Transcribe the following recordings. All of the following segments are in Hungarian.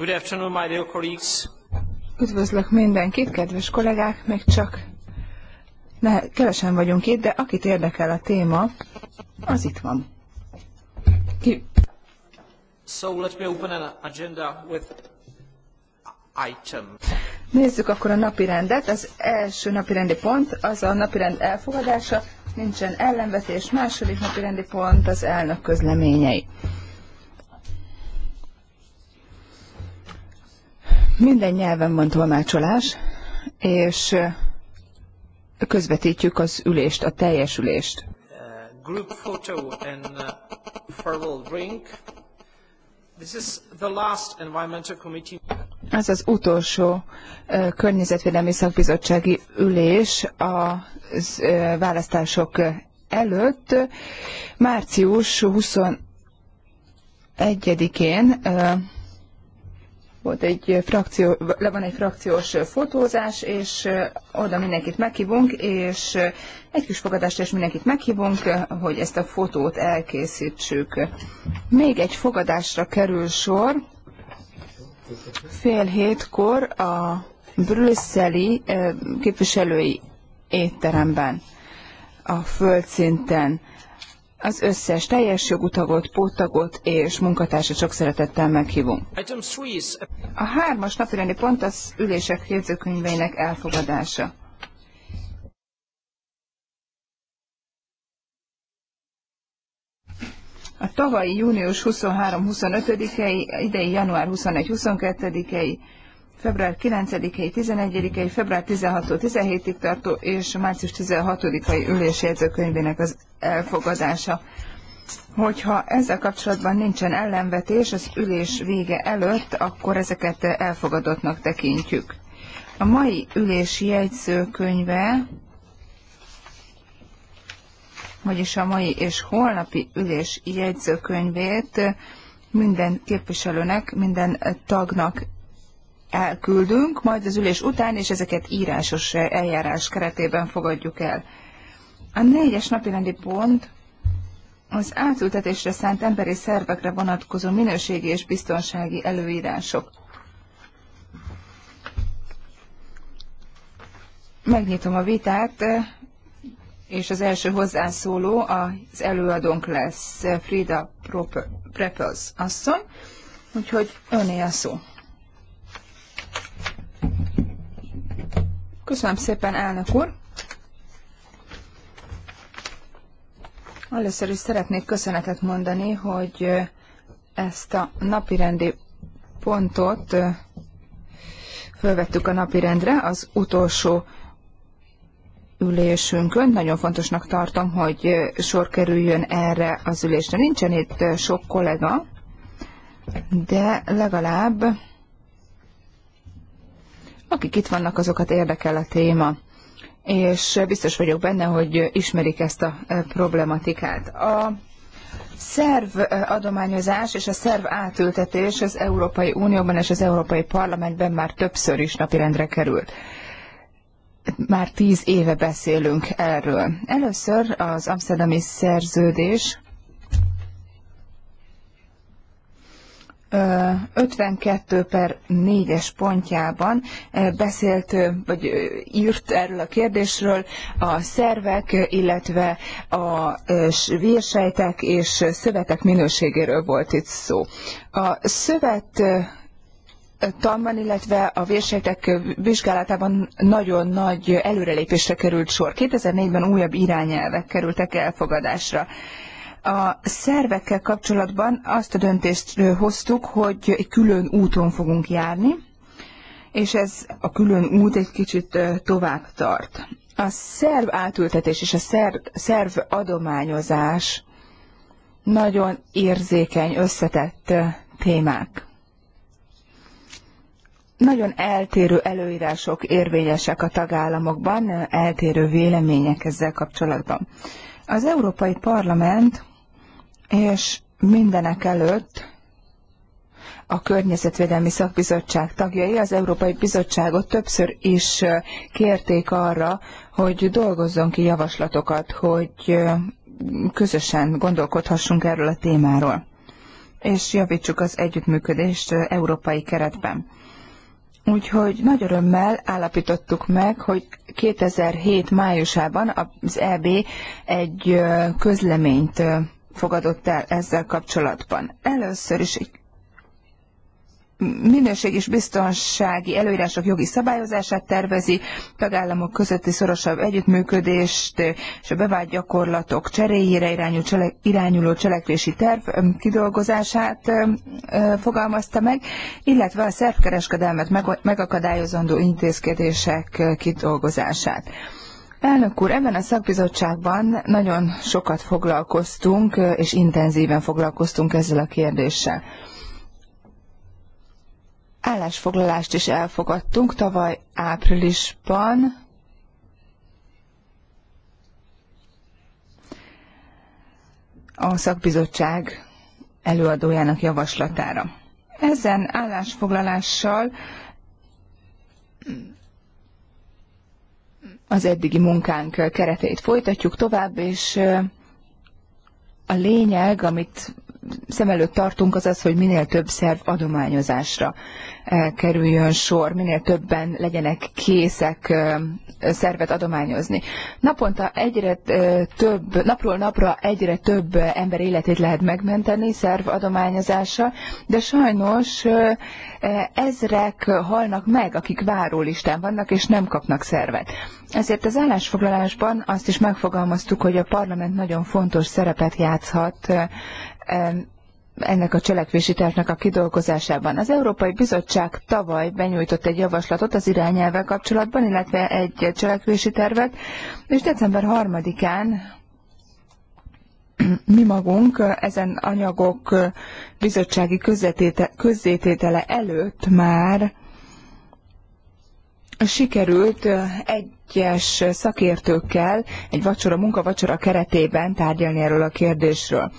Good afternoon, my dear colleagues. Üdvözlök mindenkit, kedves kollégák, még csak ne, kevesen vagyunk itt, de akit érdekel a téma, az itt van. Ki? So let me open an agenda with item. Nézzük akkor a napirendet. Az első napirendi pont az a napirend elfogadása, nincsen ellenvetés. Második napirendi pont az elnök közleményei. Minden nyelven van tolmácsolás, és közvetítjük az ülést, a teljes ülést. Uh, group photo and uh, farewell drink. This is the last environmental committee. Ez az utolsó környezetvédelmi szakbizottsági ülés a választások előtt. Március 21-én volt egy frakció, le van egy frakciós fotózás, és oda mindenkit meghívunk, és egy kis fogadást és mindenkit meghívunk, hogy ezt a fotót elkészítsük. Még egy fogadásra kerül sor, fél hétkor a brüsszeli képviselői étteremben, a földszinten. Az összes teljes jogutagot, póttagot és munkatársat sok szeretettel meghívom. A hármas napirendi pont az ülések jegyzőkönyveinek elfogadása. A tavalyi június 23-25-ei, idei január 21-22-ei, február 9-i, 11-i, február 16-17-ig tartó és március 16-ai ülésjegyzőkönyvének az elfogadása. Hogyha ezzel kapcsolatban nincsen ellenvetés az ülés vége előtt, akkor ezeket elfogadottnak tekintjük. A mai ülési jegyzőkönyve, vagyis a mai és holnapi ülési jegyzőkönyvét minden képviselőnek, minden tagnak elküldünk, majd az ülés után, és ezeket írásos eljárás keretében fogadjuk el. A négyes rendi pont az átültetésre szánt emberi szervekre vonatkozó minőségi és biztonsági előírások. Megnyitom a vitát, és az első hozzászóló az előadónk lesz Frida Prepels asszony, úgyhogy öné a szó. Köszönöm szépen, elnök úr! Először is szeretnék köszönetet mondani, hogy ezt a napirendi pontot fölvettük a napirendre az utolsó ülésünkön. Nagyon fontosnak tartom, hogy sor kerüljön erre az ülésre. Nincsen itt sok kollega, de legalább akik itt vannak, azokat érdekel a téma és biztos vagyok benne, hogy ismerik ezt a e, problematikát. A szerv e, adományozás és a szerv átültetés az Európai Unióban és az Európai Parlamentben már többször is napirendre került. Már tíz éve beszélünk erről. Először az Amsterdami szerződés 52 per 4-es pontjában beszélt, vagy írt erről a kérdésről a szervek, illetve a vérsejtek és szövetek minőségéről volt itt szó. A szövet tanban, illetve a vérsejtek vizsgálatában nagyon nagy előrelépésre került sor. 2004-ben újabb irányelvek kerültek elfogadásra. A szervekkel kapcsolatban azt a döntést hoztuk, hogy egy külön úton fogunk járni, és ez a külön út egy kicsit tovább tart. A szerv átültetés és a szerv, szerv adományozás nagyon érzékeny, összetett témák nagyon eltérő előírások érvényesek a tagállamokban, eltérő vélemények ezzel kapcsolatban. Az Európai Parlament és mindenek előtt a Környezetvédelmi Szakbizottság tagjai az Európai Bizottságot többször is kérték arra, hogy dolgozzon ki javaslatokat, hogy közösen gondolkodhassunk erről a témáról, és javítsuk az együttműködést európai keretben. Úgyhogy nagy örömmel állapítottuk meg, hogy 2007 májusában az EB egy közleményt fogadott el ezzel kapcsolatban. Először is egy minőség és biztonsági előírások jogi szabályozását tervezi, tagállamok közötti szorosabb együttműködést és a bevált gyakorlatok cseréjére irányul csele, irányuló cselekvési terv kidolgozását fogalmazta meg, illetve a szervkereskedelmet megakadályozandó intézkedések kidolgozását. Elnök úr, ebben a szakbizottságban nagyon sokat foglalkoztunk, és intenzíven foglalkoztunk ezzel a kérdéssel. Állásfoglalást is elfogadtunk tavaly áprilisban, a szakbizottság előadójának javaslatára. Ezen állásfoglalással az eddigi munkánk kereteit folytatjuk tovább, és a lényeg, amit szem előtt tartunk, az az, hogy minél több szerv adományozásra eh, kerüljön sor, minél többen legyenek készek eh, szervet adományozni. Naponta egyre eh, több, napról napra egyre több ember életét lehet megmenteni szerv adományozása, de sajnos ezrek halnak meg, akik várólistán vannak és nem kapnak szervet. Ezért az állásfoglalásban azt is megfogalmaztuk, hogy a parlament nagyon fontos szerepet játszhat ennek a cselekvési tervnek a kidolgozásában. Az Európai Bizottság tavaly benyújtott egy javaslatot az irányelvvel kapcsolatban, illetve egy cselekvési tervet, és december 3-án mi magunk ezen anyagok bizottsági közzététele előtt már sikerült egyes szakértőkkel egy vacsora, munkavacsora keretében tárgyalni erről a kérdésről.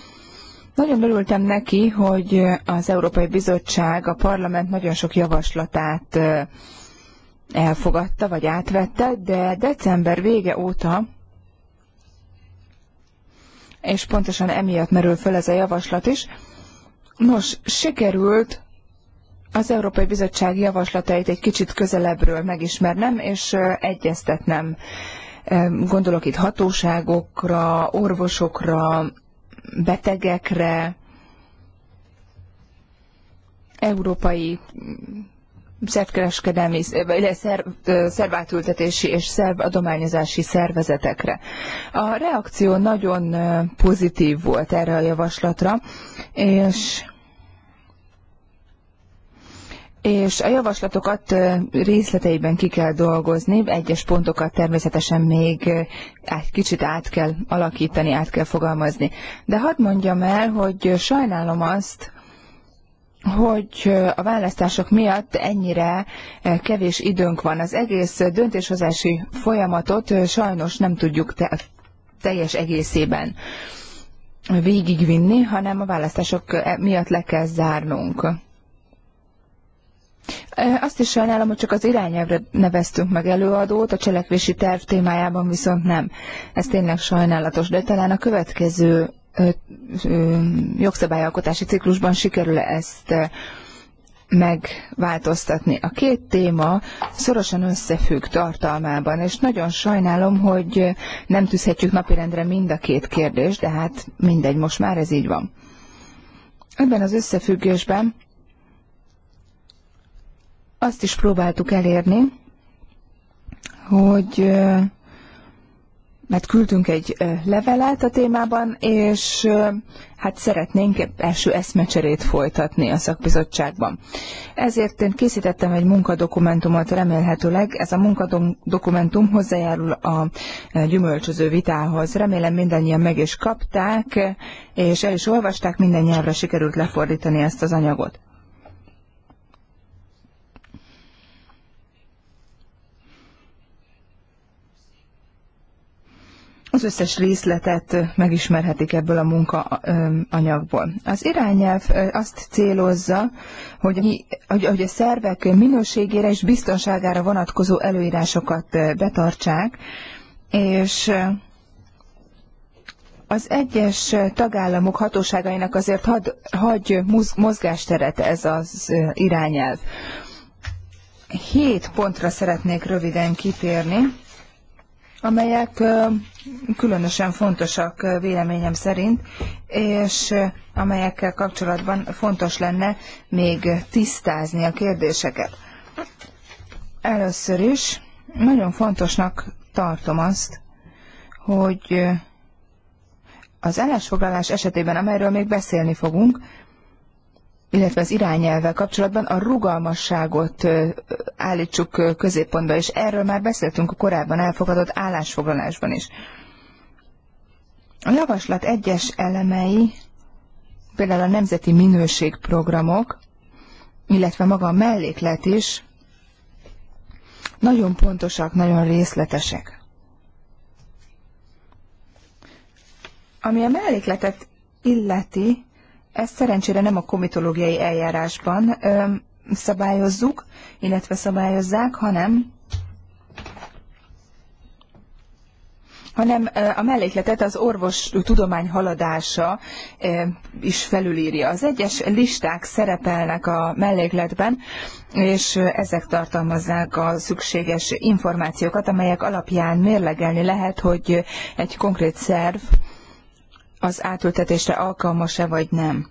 Nagyon örültem neki, hogy az Európai Bizottság a parlament nagyon sok javaslatát elfogadta vagy átvette, de december vége óta, és pontosan emiatt merül föl ez a javaslat is, nos, sikerült az Európai Bizottság javaslatait egy kicsit közelebbről megismernem és egyeztetnem. Gondolok itt hatóságokra, orvosokra, betegekre, európai szervkereskedelmi, illetve szerv, szervátültetési és szervadományozási szervezetekre. A reakció nagyon pozitív volt erre a javaslatra, és és a javaslatokat részleteiben ki kell dolgozni, egyes pontokat természetesen még egy kicsit át kell alakítani, át kell fogalmazni. De hadd mondjam el, hogy sajnálom azt, hogy a választások miatt ennyire kevés időnk van. Az egész döntéshozási folyamatot sajnos nem tudjuk te teljes egészében végigvinni, hanem a választások miatt le kell zárnunk. Azt is sajnálom, hogy csak az irányelvre neveztünk meg előadót, a cselekvési terv témájában viszont nem. Ez tényleg sajnálatos, de talán a következő jogszabályalkotási ciklusban sikerül -e ezt megváltoztatni. A két téma szorosan összefügg tartalmában, és nagyon sajnálom, hogy nem tűzhetjük napirendre mind a két kérdést, de hát mindegy, most már ez így van. Ebben az összefüggésben azt is próbáltuk elérni, hogy mert küldtünk egy levelet a témában, és hát szeretnénk első eszmecserét folytatni a szakbizottságban. Ezért én készítettem egy munkadokumentumot, remélhetőleg ez a munkadokumentum hozzájárul a gyümölcsöző vitához. Remélem mindannyian meg is kapták, és el is olvasták, minden nyelvre sikerült lefordítani ezt az anyagot. Az összes részletet megismerhetik ebből a munkaanyagból. Az irányelv azt célozza, hogy, hogy a szervek minőségére és biztonságára vonatkozó előírásokat betartsák, és az egyes tagállamok hatóságainak azért had, hagy mozgásteret ez az irányelv. Hét pontra szeretnék röviden kitérni amelyek különösen fontosak véleményem szerint, és amelyekkel kapcsolatban fontos lenne még tisztázni a kérdéseket. Először is nagyon fontosnak tartom azt, hogy az állásfoglalás esetében, amelyről még beszélni fogunk, illetve az irányelvvel kapcsolatban a rugalmasságot állítsuk középpontba, és erről már beszéltünk a korábban elfogadott állásfoglalásban is. A javaslat egyes elemei, például a nemzeti minőségprogramok, illetve maga a melléklet is, nagyon pontosak, nagyon részletesek. Ami a mellékletet illeti, ezt szerencsére nem a komitológiai eljárásban szabályozzuk, illetve szabályozzák, hanem hanem a mellékletet az orvos tudomány haladása is felülírja. Az egyes listák szerepelnek a mellékletben, és ezek tartalmazzák a szükséges információkat, amelyek alapján mérlegelni lehet, hogy egy konkrét szerv az átültetésre alkalmas-e vagy nem.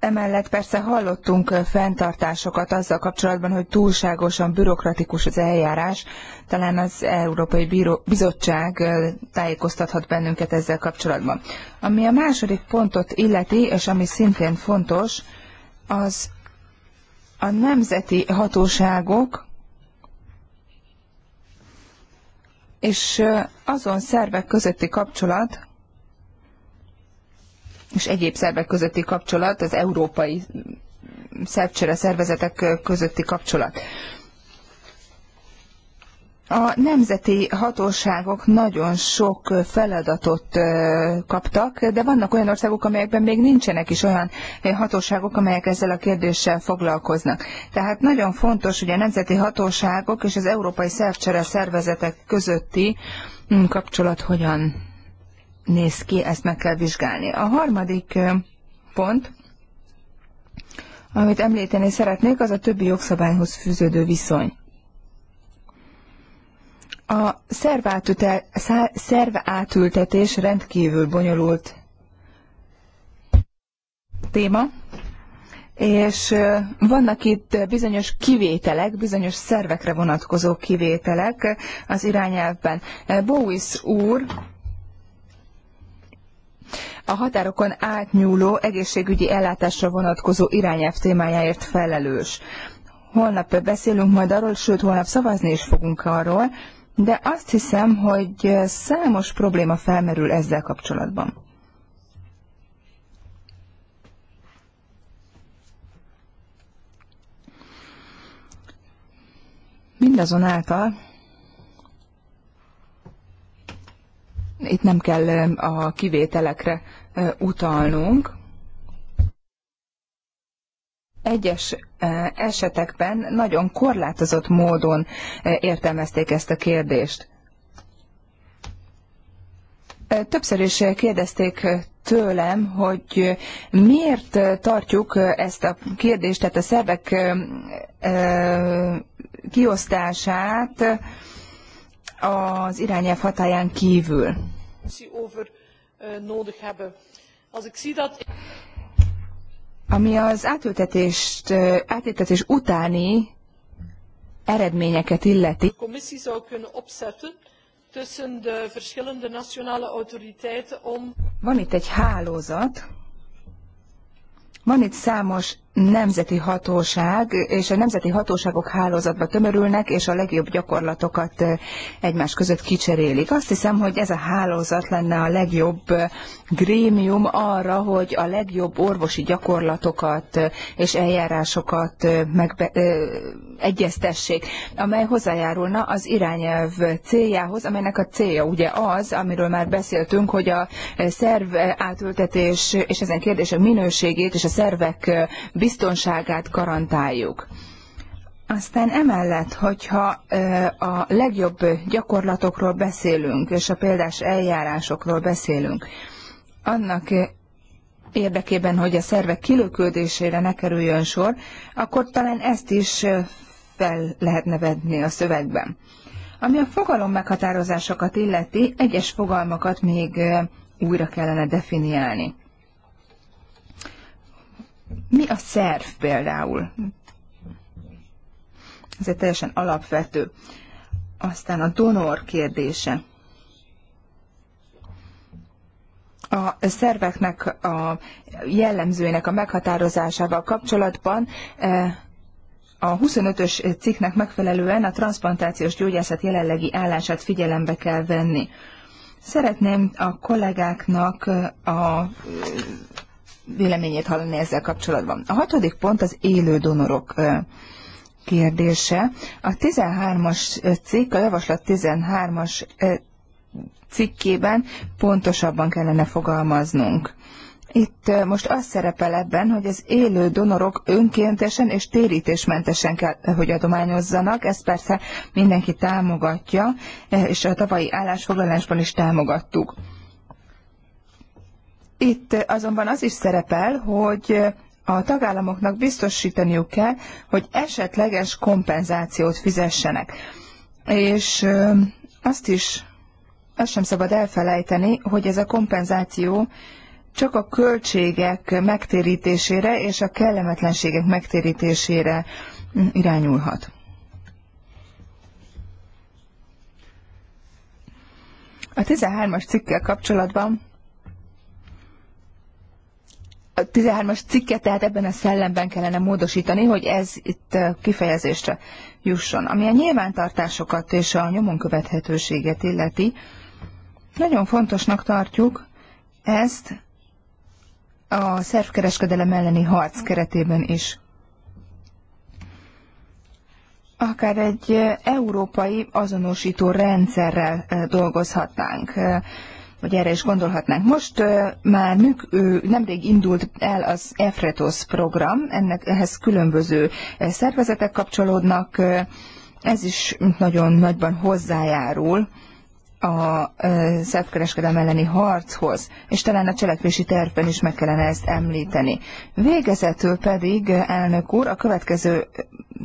Emellett persze hallottunk fenntartásokat azzal kapcsolatban, hogy túlságosan bürokratikus az eljárás. Talán az Európai Bíró Bizottság tájékoztathat bennünket ezzel kapcsolatban. Ami a második pontot illeti, és ami szintén fontos, az a nemzeti hatóságok és azon szervek közötti kapcsolat, és egyéb szervek közötti kapcsolat, az európai szervcsere szervezetek közötti kapcsolat. A nemzeti hatóságok nagyon sok feladatot kaptak, de vannak olyan országok, amelyekben még nincsenek is olyan hatóságok, amelyek ezzel a kérdéssel foglalkoznak. Tehát nagyon fontos, hogy a nemzeti hatóságok és az európai szervcsere szervezetek közötti mm, kapcsolat hogyan néz ki, ezt meg kell vizsgálni. A harmadik pont, amit említeni szeretnék, az a többi jogszabályhoz fűződő viszony. A szerv átültetés rendkívül bonyolult téma, és vannak itt bizonyos kivételek, bizonyos szervekre vonatkozó kivételek az irányelvben. Bowis úr a határokon átnyúló egészségügyi ellátásra vonatkozó irányelv témájáért felelős. Holnap beszélünk majd arról, sőt holnap szavazni is fogunk arról, de azt hiszem, hogy számos probléma felmerül ezzel kapcsolatban. Mindazonáltal itt nem kell a kivételekre utalnunk, egyes esetekben nagyon korlátozott módon értelmezték ezt a kérdést. Többször is kérdezték tőlem, hogy miért tartjuk ezt a kérdést, tehát a szervek kiosztását az irányelv hatáján kívül. Ami az átültetést, átültetés utáni eredményeket illeti. Van itt egy hálózat, van itt számos nemzeti hatóság és a nemzeti hatóságok hálózatba tömörülnek, és a legjobb gyakorlatokat egymás között kicserélik. Azt hiszem, hogy ez a hálózat lenne a legjobb grémium arra, hogy a legjobb orvosi gyakorlatokat és eljárásokat megbe- egyeztessék, amely hozzájárulna az irányelv céljához, amelynek a célja ugye az, amiről már beszéltünk, hogy a szerv átültetés és ezen a minőségét és a szervek biztonságát garantáljuk. Aztán emellett, hogyha a legjobb gyakorlatokról beszélünk, és a példás eljárásokról beszélünk, annak érdekében, hogy a szervek kilöködésére ne kerüljön sor, akkor talán ezt is fel lehetne vedni a szövegben. Ami a fogalom meghatározásokat illeti, egyes fogalmakat még újra kellene definiálni. Mi a szerv például? Ez egy teljesen alapvető. Aztán a donor kérdése. a szerveknek a jellemzőinek a meghatározásával kapcsolatban e, a 25-ös cikknek megfelelően a transplantációs gyógyászat jelenlegi állását figyelembe kell venni. Szeretném a kollégáknak a véleményét hallani ezzel kapcsolatban. A hatodik pont az élő donorok kérdése. A 13-as cikk, a javaslat 13-as cikkében pontosabban kellene fogalmaznunk. Itt most az szerepel ebben, hogy az élő donorok önkéntesen és térítésmentesen kell, hogy adományozzanak. Ez persze mindenki támogatja, és a tavalyi állásfoglalásban is támogattuk. Itt azonban az is szerepel, hogy a tagállamoknak biztosítaniuk kell, hogy esetleges kompenzációt fizessenek. És azt is, azt sem szabad elfelejteni, hogy ez a kompenzáció csak a költségek megtérítésére és a kellemetlenségek megtérítésére irányulhat. A 13-as cikkel kapcsolatban 13-as cikket, tehát ebben a szellemben kellene módosítani, hogy ez itt eh, kifejezésre jusson. Ami a nyilvántartásokat és a nyomon követhetőséget illeti, nagyon fontosnak tartjuk ezt a szervkereskedelem elleni harc keretében is. Akár egy eh, európai azonosító rendszerrel eh, dolgozhatnánk vagy erre is gondolhatnánk. Most már ő nemrég indult el az EFRETOS program, ennek ehhez különböző szervezetek kapcsolódnak, ez is nagyon nagyban hozzájárul a szervkereskedelem elleni harchoz, és talán a cselekvési tervben is meg kellene ezt említeni. Végezetül pedig, elnök úr, a következő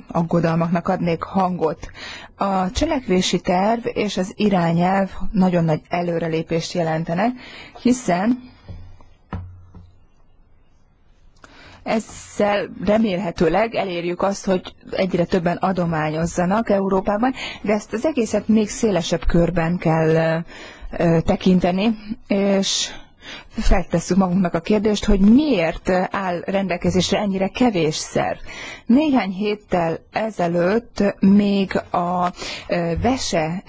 aggodalmaknak adnék hangot. A cselekvési terv és az irányelv nagyon nagy előrelépést jelentenek, hiszen ezzel remélhetőleg elérjük azt, hogy egyre többen adományozzanak Európában, de ezt az egészet még szélesebb körben kell tekinteni, és feltesszük magunknak a kérdést, hogy miért áll rendelkezésre ennyire kevésszer. Néhány héttel ezelőtt még a vese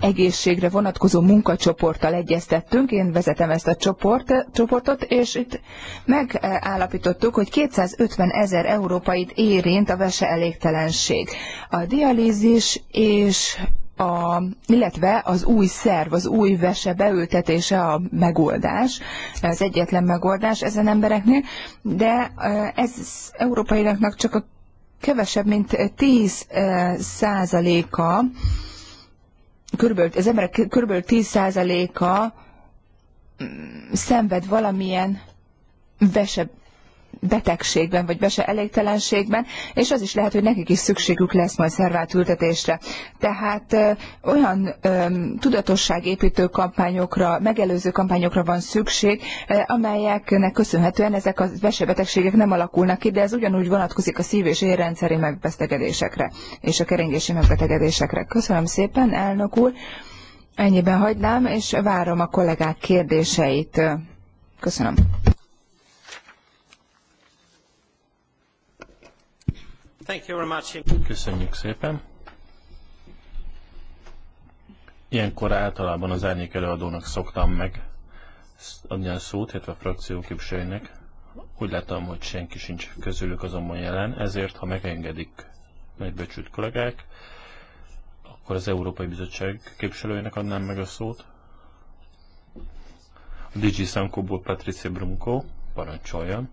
egészségre vonatkozó munkacsoporttal egyeztettünk, én vezetem ezt a csoport, csoportot, és itt megállapítottuk, hogy 250 ezer európait érint a vese elégtelenség. A dialízis és a, illetve az új szerv, az új vese beültetése a megoldás, az egyetlen megoldás ezen embereknél, de e, ez európainaknak csak a kevesebb, mint 10 e, százaléka, az emberek kb. 10 százaléka mm, szenved valamilyen vese betegségben, vagy bese elégtelenségben, és az is lehet, hogy nekik is szükségük lesz majd szervált ültetésre. Tehát olyan tudatosságépítő kampányokra, megelőző kampányokra van szükség, amelyeknek köszönhetően ezek a vesebetegségek nem alakulnak ki, de ez ugyanúgy vonatkozik a szív- és érrendszeri megbetegedésekre és a keringési megbetegedésekre. Köszönöm szépen, elnök úr! Ennyiben hagynám, és várom a kollégák kérdéseit. Köszönöm. Thank you very much. Köszönjük szépen. Ilyenkor általában az árnyék előadónak szoktam meg adni a szót, illetve a frakció képviselőinek. Úgy látom, hogy senki sincs közülük azonban jelen, ezért, ha megengedik nagybecsült kollégák, akkor az Európai Bizottság képviselőjének adnám meg a szót. A DG Sankóból Patricia Brunko parancsoljon.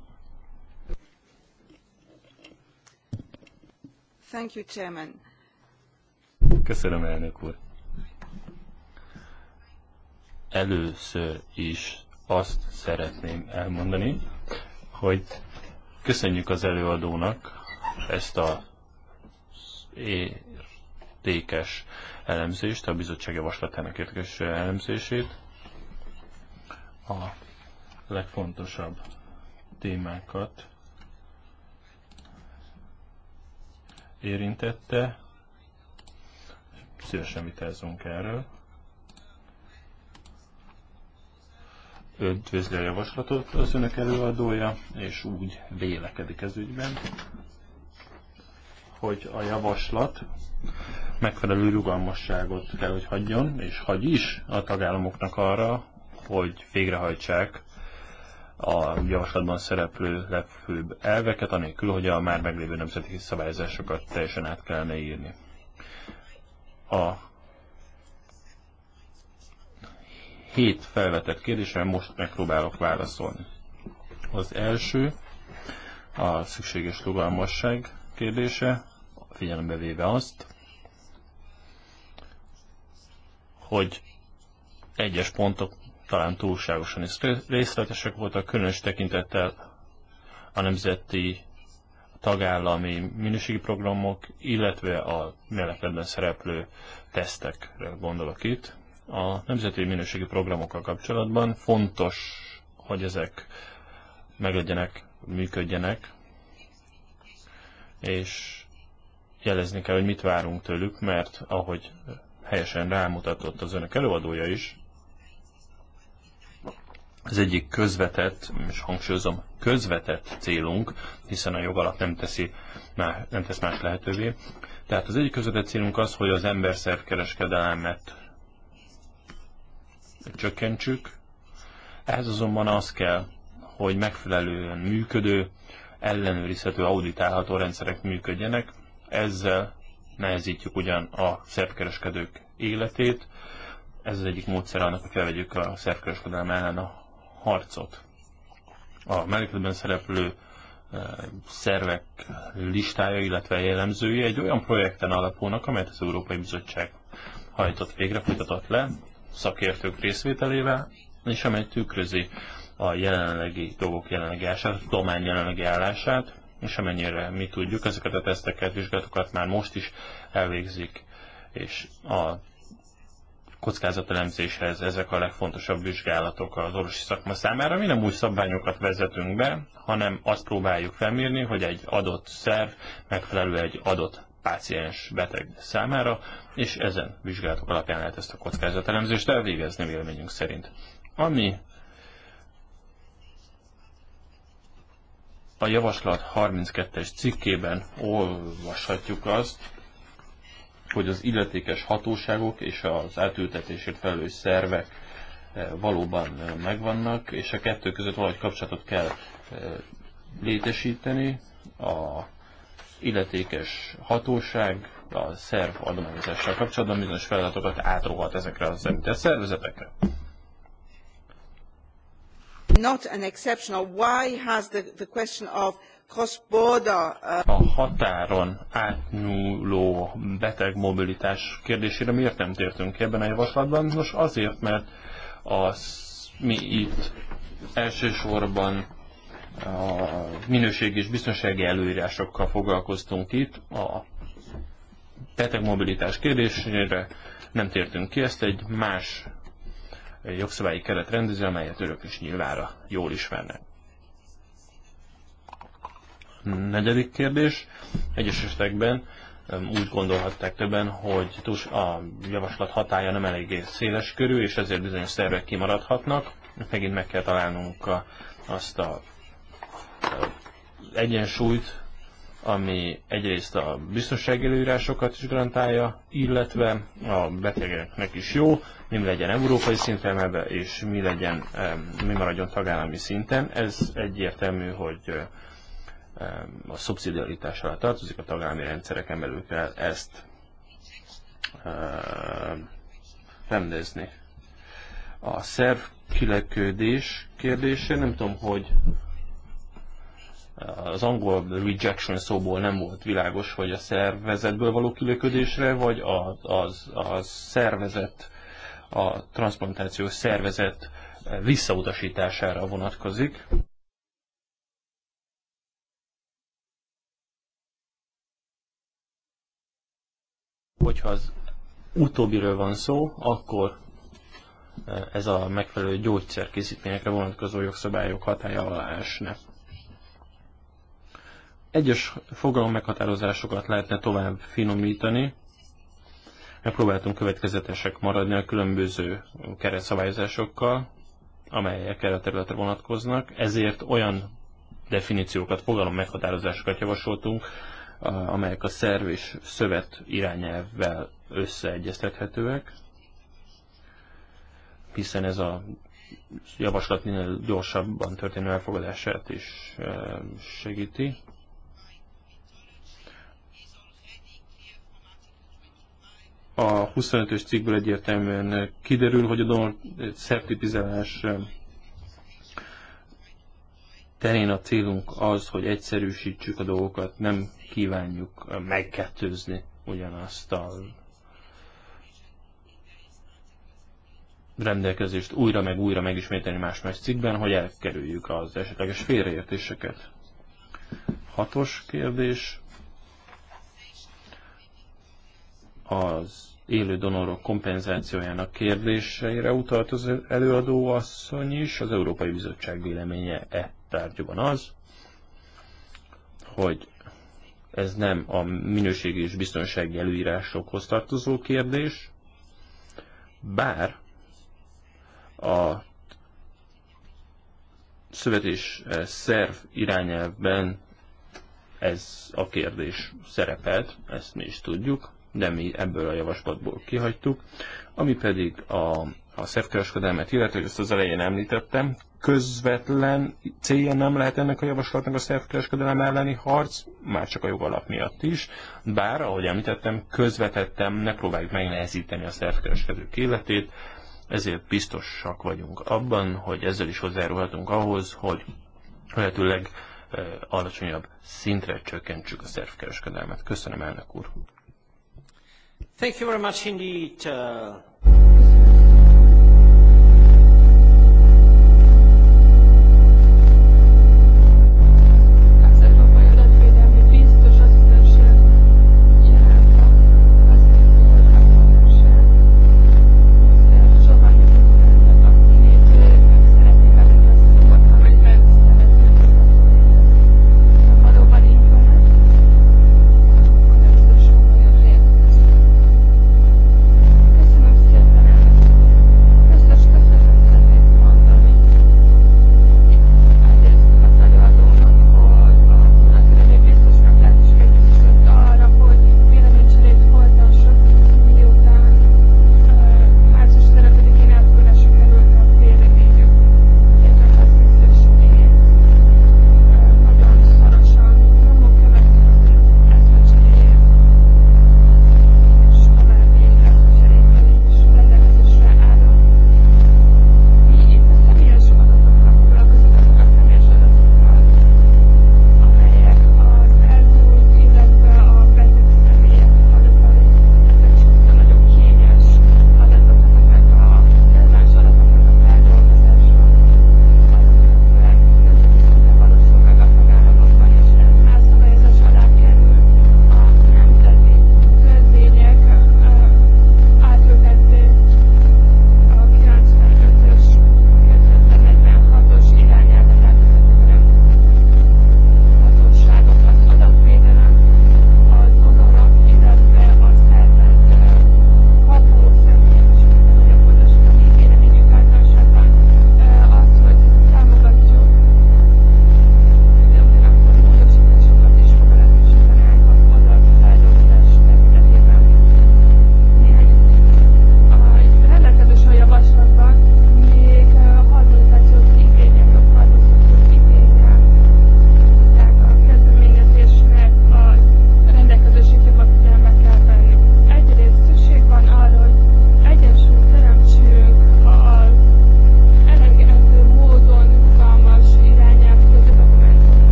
Thank you, Chairman. Köszönöm, elnök úr. Először is azt szeretném elmondani, hogy köszönjük az előadónak ezt a értékes elemzést, a bizottság javaslatának értékes elemzését. A legfontosabb témákat érintette. Szívesen vitázzunk erről. Üdvözli a javaslatot az önök előadója, és úgy vélekedik ez ügyben, hogy a javaslat megfelelő rugalmasságot kell, hogy hagyjon, és hagy is a tagállamoknak arra, hogy végrehajtsák a javaslatban szereplő legfőbb elveket, anélkül, hogy a már meglévő nemzeti szabályozásokat teljesen át kellene írni. A hét felvetett kérdésre most megpróbálok válaszolni. Az első, a szükséges rugalmasság kérdése, figyelembe véve azt, hogy egyes pontok talán túlságosan is részletesek voltak, különös tekintettel a nemzeti tagállami minőségi programok, illetve a mellettetben szereplő tesztekre gondolok itt. A nemzeti minőségi programokkal kapcsolatban fontos, hogy ezek meglegyenek, működjenek, és jelezni kell, hogy mit várunk tőlük, mert ahogy helyesen rámutatott az önök előadója is, az egyik közvetett, és hangsúlyozom, közvetett célunk, hiszen a alatt nem, teszi, nem tesz más lehetővé. Tehát az egyik közvetett célunk az, hogy az emberszerkereskedelmet csökkentsük. Ehhez azonban az kell, hogy megfelelően működő, ellenőrizhető, auditálható rendszerek működjenek. Ezzel nehezítjük ugyan a szerkereskedők életét. Ez az egyik módszer annak, hogy felvegyük a szerkereskedelem ellen a harcot. A mellékletben szereplő eh, szervek listája, illetve jellemzője egy olyan projekten alapulnak, amelyet az Európai Bizottság hajtott végre, folytatott le, szakértők részvételével, és amely tükrözi a jelenlegi dolgok jelenlegi állását, a domány jelenlegi állását, és amennyire mi tudjuk, ezeket a teszteket, vizsgálatokat már most is elvégzik, és a kockázatelemzéshez ezek a legfontosabb vizsgálatok az orvosi szakma számára. Mi nem új szabványokat vezetünk be, hanem azt próbáljuk felmérni, hogy egy adott szerv megfelelő egy adott páciens beteg számára, és ezen vizsgálatok alapján lehet ezt a kockázatelemzést elvégezni véleményünk szerint. Ami a javaslat 32-es cikkében olvashatjuk azt, hogy az illetékes hatóságok és az átültetésért felelős szervek eh, valóban eh, megvannak, és a kettő között valahogy kapcsolatot kell eh, létesíteni. A illetékes hatóság a szerv adományozással kapcsolatban bizonyos feladatokat átrohat ezekre az említett szervezetekre. Not an exceptional. Why has the, the question of a határon átnyúló beteg mobilitás kérdésére miért nem tértünk ebben a javaslatban? Nos, azért, mert az mi itt elsősorban a minőség és biztonsági előírásokkal foglalkoztunk itt, a betegmobilitás kérdésére nem tértünk ki, ezt egy más jogszabályi keret rendezi, amelyet örök is nyilvára jól ismernek. Negyedik kérdés. Egyes esetekben úgy gondolhatták többen, hogy a javaslat hatája nem eléggé széles körű, és ezért bizonyos szervek kimaradhatnak. Megint meg kell találnunk a, azt a, a egyensúlyt, ami egyrészt a biztonsági előírásokat is garantálja, illetve a betegeknek is jó, mi legyen európai szinten ebbe, és mi legyen, mi maradjon tagállami szinten. Ez egyértelmű, hogy a szubszidiaritás alá tartozik, a tagállami rendszereken belül kell ezt rendezni. A szerv kilekődés kérdése, nem tudom, hogy az angol rejection szóból nem volt világos, hogy a szervezetből való kilöködésre, vagy a, az, a szervezet, a transplantációs szervezet visszautasítására vonatkozik. Hogyha az utóbbiről van szó, akkor eh, ez a megfelelő gyógyszerkészítményekre vonatkozó jogszabályok hatája alá esne. Egyes fogalom meghatározásokat lehetne tovább finomítani, megpróbáltunk következetesek maradni a különböző keretszabályozásokkal, amelyek erre a területre vonatkoznak, ezért olyan definíciókat, fogalom meghatározásokat javasoltunk, amelyek a szerv és szövet irányelvvel összeegyeztethetőek, hiszen ez a javaslat minél gyorsabban történő elfogadását is e, segíti. A 25-ös cikkből egyértelműen kiderül, hogy a donor szertipizálás e, terén a célunk az, hogy egyszerűsítsük a dolgokat, nem kívánjuk megkettőzni ugyanazt a rendelkezést újra meg újra megismételni más-más cikkben, hogy elkerüljük az esetleges félreértéseket. Hatos kérdés. Az élő donorok kompenzációjának kérdéseire utalt az előadó asszony is. Az Európai Bizottság véleménye e tárgyban az, hogy ez nem a minőségi és biztonsági előírásokhoz tartozó kérdés, bár a szövetés eh, szerv irányelvben ez a kérdés szerepelt, ezt mi is tudjuk, de mi ebből a javaslatból kihagytuk, ami pedig a a szervkereskedelmet illetve, hogy ezt az elején említettem, közvetlen célja nem lehet ennek a javaslatnak a szervkereskedelem elleni harc, már csak a jogalap miatt is, bár, ahogy említettem, közvetettem, ne próbáljuk megnehezíteni a szervkereskedők életét, ezért biztosak vagyunk abban, hogy ezzel is hozzájárulhatunk ahhoz, hogy lehetőleg alacsonyabb szintre csökkentsük a szervkereskedelmet. Köszönöm, elnök úr! Thank you very much indeed. Uh,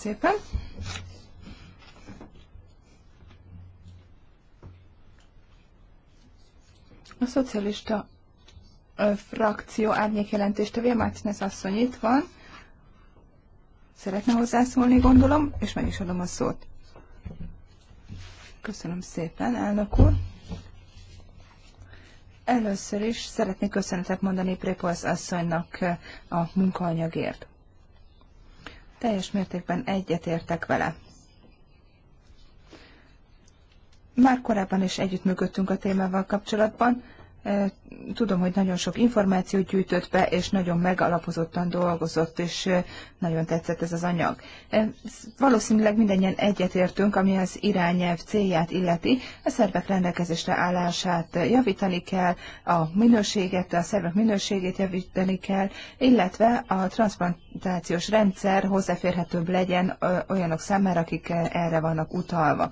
szépen. A szocialista ö, frakció árnyékjelentéstevője Martinez asszony itt van. Szeretne hozzászólni, gondolom, és meg is adom a szót. Köszönöm szépen, elnök úr. Először is szeretnék köszönetet mondani Prépolsz asszonynak a munkaanyagért teljes mértékben egyetértek vele. Már korábban is együtt mögöttünk a témával kapcsolatban, Tudom, hogy nagyon sok információt gyűjtött be, és nagyon megalapozottan dolgozott, és nagyon tetszett ez az anyag. Valószínűleg mindannyian egyetértünk, ami az irányelv célját illeti, a szervek rendelkezésre állását javítani kell, a minőséget, a szervek minőségét javítani kell, illetve a transplantációs rendszer hozzáférhetőbb legyen olyanok számára, akik erre vannak utalva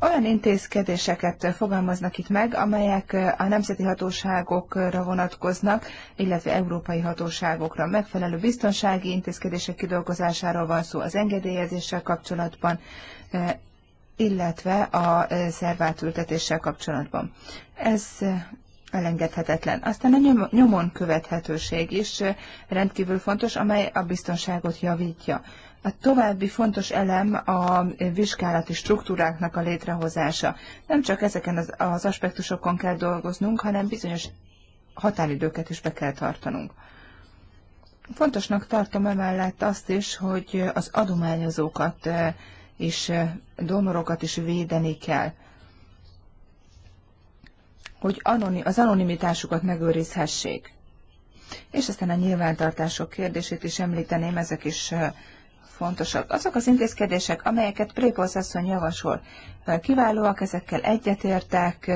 olyan intézkedéseket fogalmaznak itt meg, amelyek a nemzeti hatóságokra vonatkoznak, illetve európai hatóságokra. Megfelelő biztonsági intézkedések kidolgozásáról van szó az engedélyezéssel kapcsolatban, illetve a szervátültetéssel kapcsolatban. Ez elengedhetetlen. Aztán a nyomon követhetőség is rendkívül fontos, amely a biztonságot javítja. A további fontos elem a vizsgálati struktúráknak a létrehozása. Nem csak ezeken az, az aspektusokon kell dolgoznunk, hanem bizonyos határidőket is be kell tartanunk. Fontosnak tartom emellett azt is, hogy az adományozókat és eh, eh, donorokat is védeni kell, hogy az anonimitásukat megőrizhessék. És aztán a nyilvántartások kérdését is említeném, ezek is eh, fontosak. Azok az intézkedések, amelyeket Prépolsz asszony javasol, kiválóak, ezekkel egyetértek,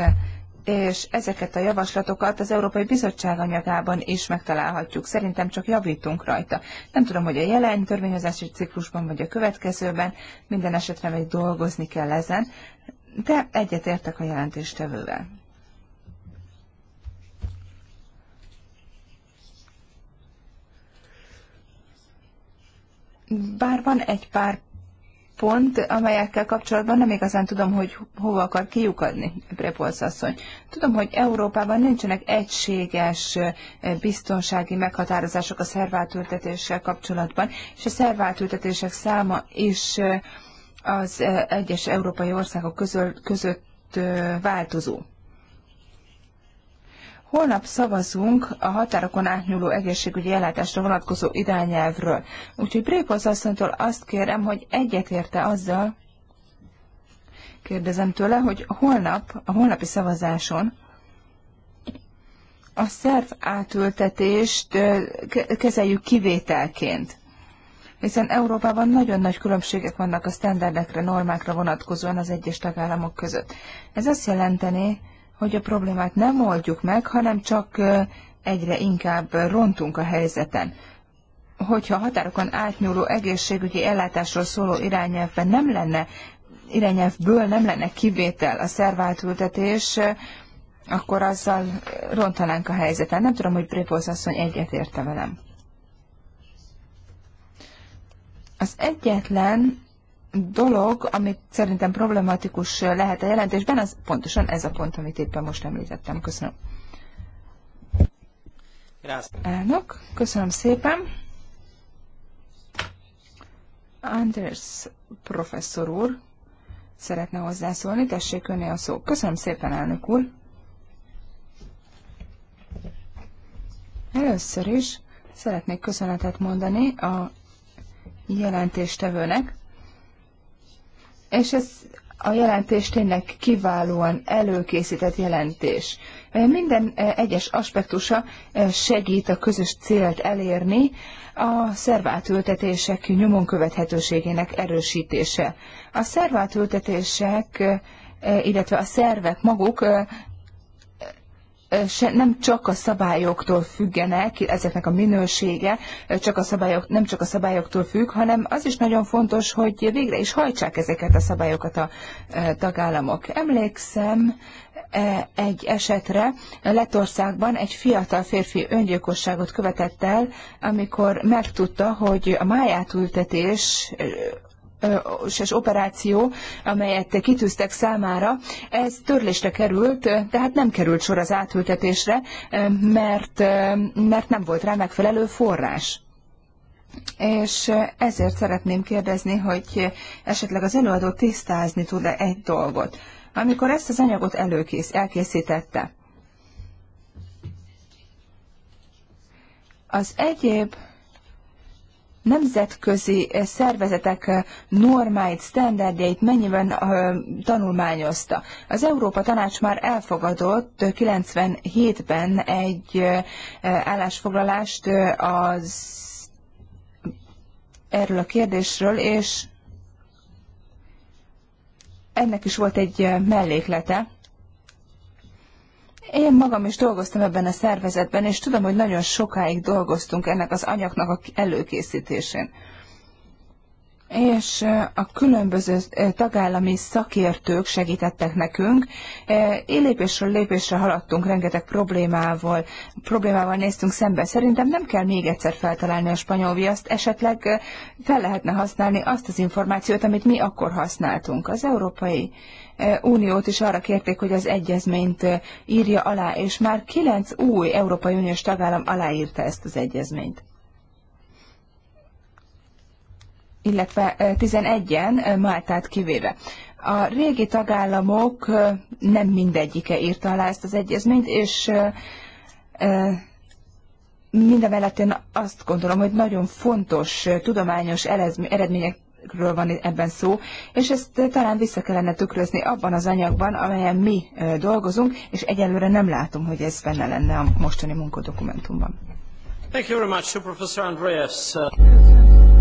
és ezeket a javaslatokat az Európai Bizottság anyagában is megtalálhatjuk. Szerintem csak javítunk rajta. Nem tudom, hogy a jelen törvényhozási ciklusban vagy a következőben, minden esetre még dolgozni kell ezen, de egyetértek a jelentéstevővel. bár van egy pár pont, amelyekkel kapcsolatban nem igazán tudom, hogy hova akar kiukadni, Brepolsz asszony. Tudom, hogy Európában nincsenek egységes biztonsági meghatározások a szerváltültetéssel kapcsolatban, és a szerváltültetések száma is az egyes európai országok közül, között változó. Holnap szavazunk a határokon átnyúló egészségügyi ellátásra vonatkozó irányelvről. Úgyhogy Brékosz asszonytól azt kérem, hogy egyetérte azzal, kérdezem tőle, hogy holnap, a holnapi szavazáson a szerv átültetést kezeljük kivételként. Hiszen Európában nagyon nagy különbségek vannak a sztenderdekre, normákra vonatkozóan az egyes tagállamok között. Ez azt jelenteni, hogy a problémát nem oldjuk meg, hanem csak egyre inkább rontunk a helyzeten. Hogyha határokon átnyúló egészségügyi ellátásról szóló irányelvben nem lenne, irányelvből nem lenne kivétel a szervátültetés, akkor azzal rontanánk a helyzeten. Nem tudom, hogy Prépolz asszony egyetérte velem. Az egyetlen dolog, amit szerintem problematikus lehet a jelentésben, az pontosan ez a pont, amit éppen most említettem. Köszönöm. Elnök, köszönöm szépen. Anders professzor úr szeretne hozzászólni, tessék önni a szó. Köszönöm szépen, elnök úr. Először is szeretnék köszönetet mondani a jelentéstevőnek, és ez a jelentés tényleg kiválóan előkészített jelentés. Minden egyes aspektusa segít a közös célt elérni, a szervátültetések nyomon követhetőségének erősítése. A szervátültetések illetve a szervek maguk se, nem csak a szabályoktól függenek, ezeknek a minősége csak a szabályok, nem csak a szabályoktól függ, hanem az is nagyon fontos, hogy végre is hajtsák ezeket a szabályokat a tagállamok. Emlékszem egy esetre Letországban egy fiatal férfi öngyilkosságot követett el, amikor megtudta, hogy a májátültetés és operáció, amelyet kitűztek számára, ez törlésre került, tehát nem került sor az átültetésre, mert, mert nem volt rá megfelelő forrás. És ezért szeretném kérdezni, hogy esetleg az előadó tisztázni tud-e egy dolgot. Amikor ezt az anyagot előkész, elkészítette, az egyéb nemzetközi eh, szervezetek eh, normáit, standardjait mennyiben eh, tanulmányozta. Az Európa Tanács már elfogadott 97-ben egy állásfoglalást az erről a kérdésről, és ennek is volt egy melléklete, én magam is dolgoztam ebben a szervezetben, és tudom, hogy nagyon sokáig dolgoztunk ennek az anyagnak a előkészítésén. És a különböző tagállami szakértők segítettek nekünk. Én lépésről lépésre haladtunk, rengeteg problémával, problémával néztünk szembe. Szerintem nem kell még egyszer feltalálni a spanyol viaszt, esetleg fel lehetne használni azt az információt, amit mi akkor használtunk. Az európai Eh, Uniót is arra kérték, hogy az egyezményt eh, írja alá, és már kilenc új Európai Uniós tagállam aláírta ezt az egyezményt. Illetve 11-en eh, Máltát kivéve. A régi tagállamok nem mindegyike írta alá ezt az egyezményt, és mindemellett én azt gondolom, hogy nagyon fontos tudományos eredmények ről van ebben szó, és ezt eh, talán vissza kellene tükrözni abban az anyagban, amelyen mi eh, dolgozunk, és egyelőre nem látom, hogy ez benne lenne a mostani munkadokumentumban. Thank you very much, Professor Andreas. Uh,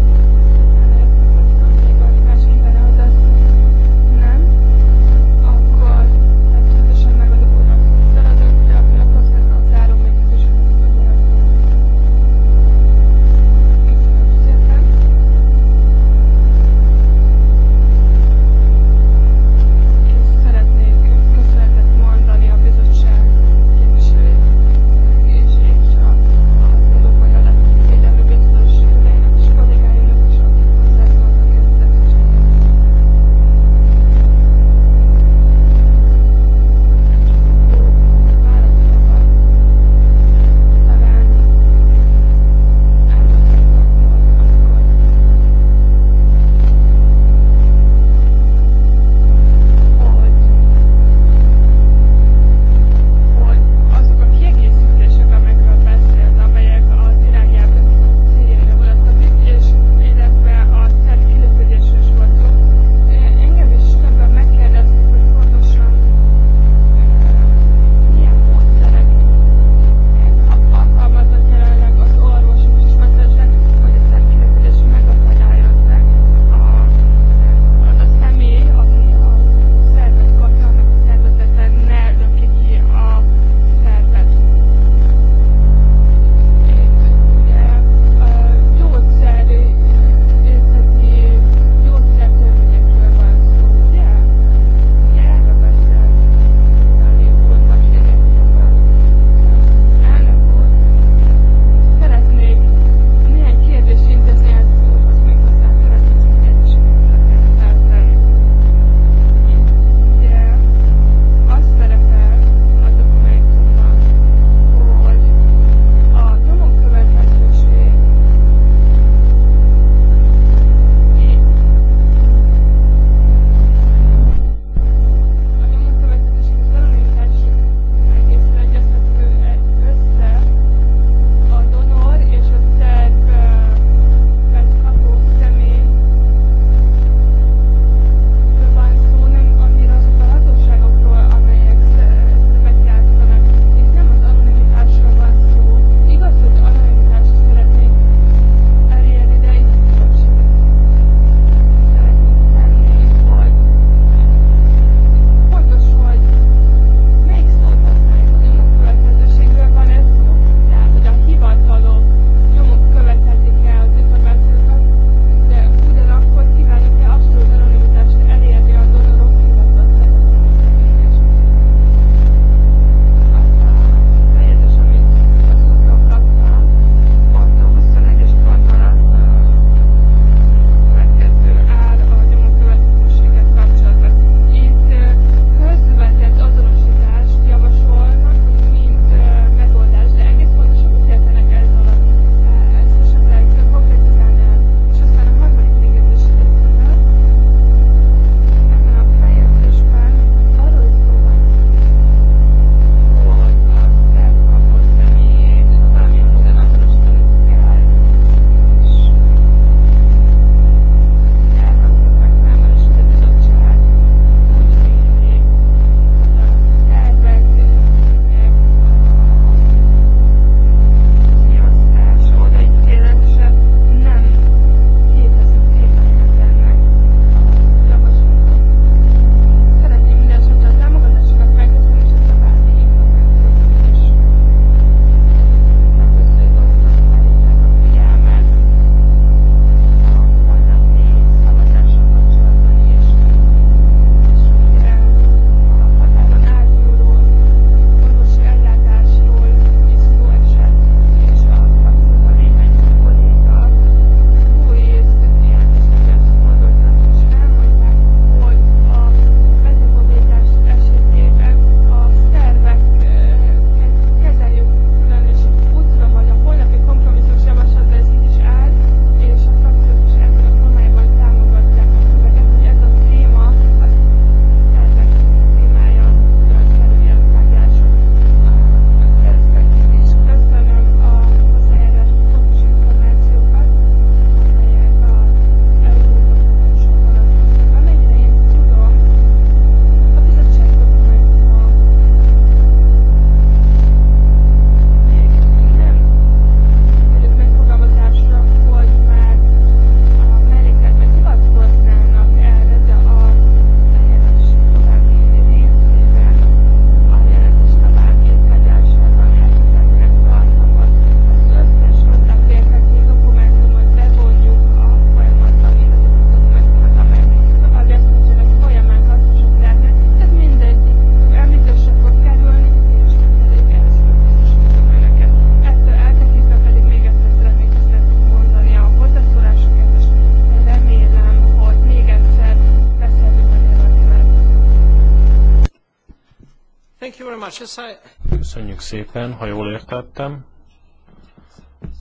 Köszönjük szépen, ha jól értettem,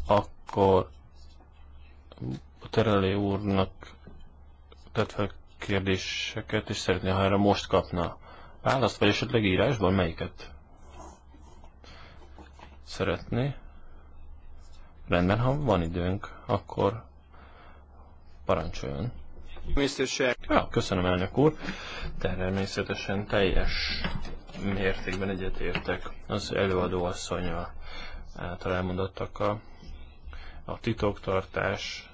akkor a Terelé úrnak tett fel kérdéseket, és szeretné, ha erre most kapna választ, vagy esetleg írásban melyiket szeretné. Rendben, ha van időnk, akkor parancsoljon. Mr. Ja, köszönöm, elnök úr. Természetesen teljes mértékben egyetértek az előadó asszonya által elmondottakkal. A titoktartás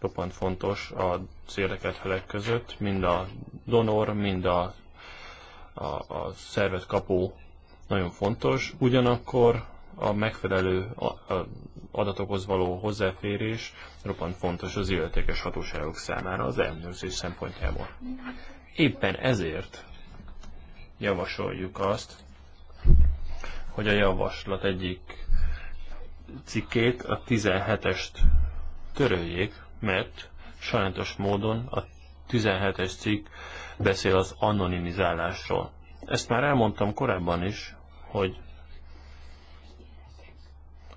roppant fontos a érdekelt felek között, mind a donor, mind a, a, a szervet kapó nagyon fontos. Ugyanakkor a megfelelő adatokhoz való hozzáférés roppant fontos az illetékes hatóságok számára az ellenőrzés szempontjából. Éppen ezért javasoljuk azt, hogy a javaslat egyik cikkét, a 17-est töröljék, mert sajnos módon a 17-es cikk beszél az anonimizálásról. Ezt már elmondtam korábban is, hogy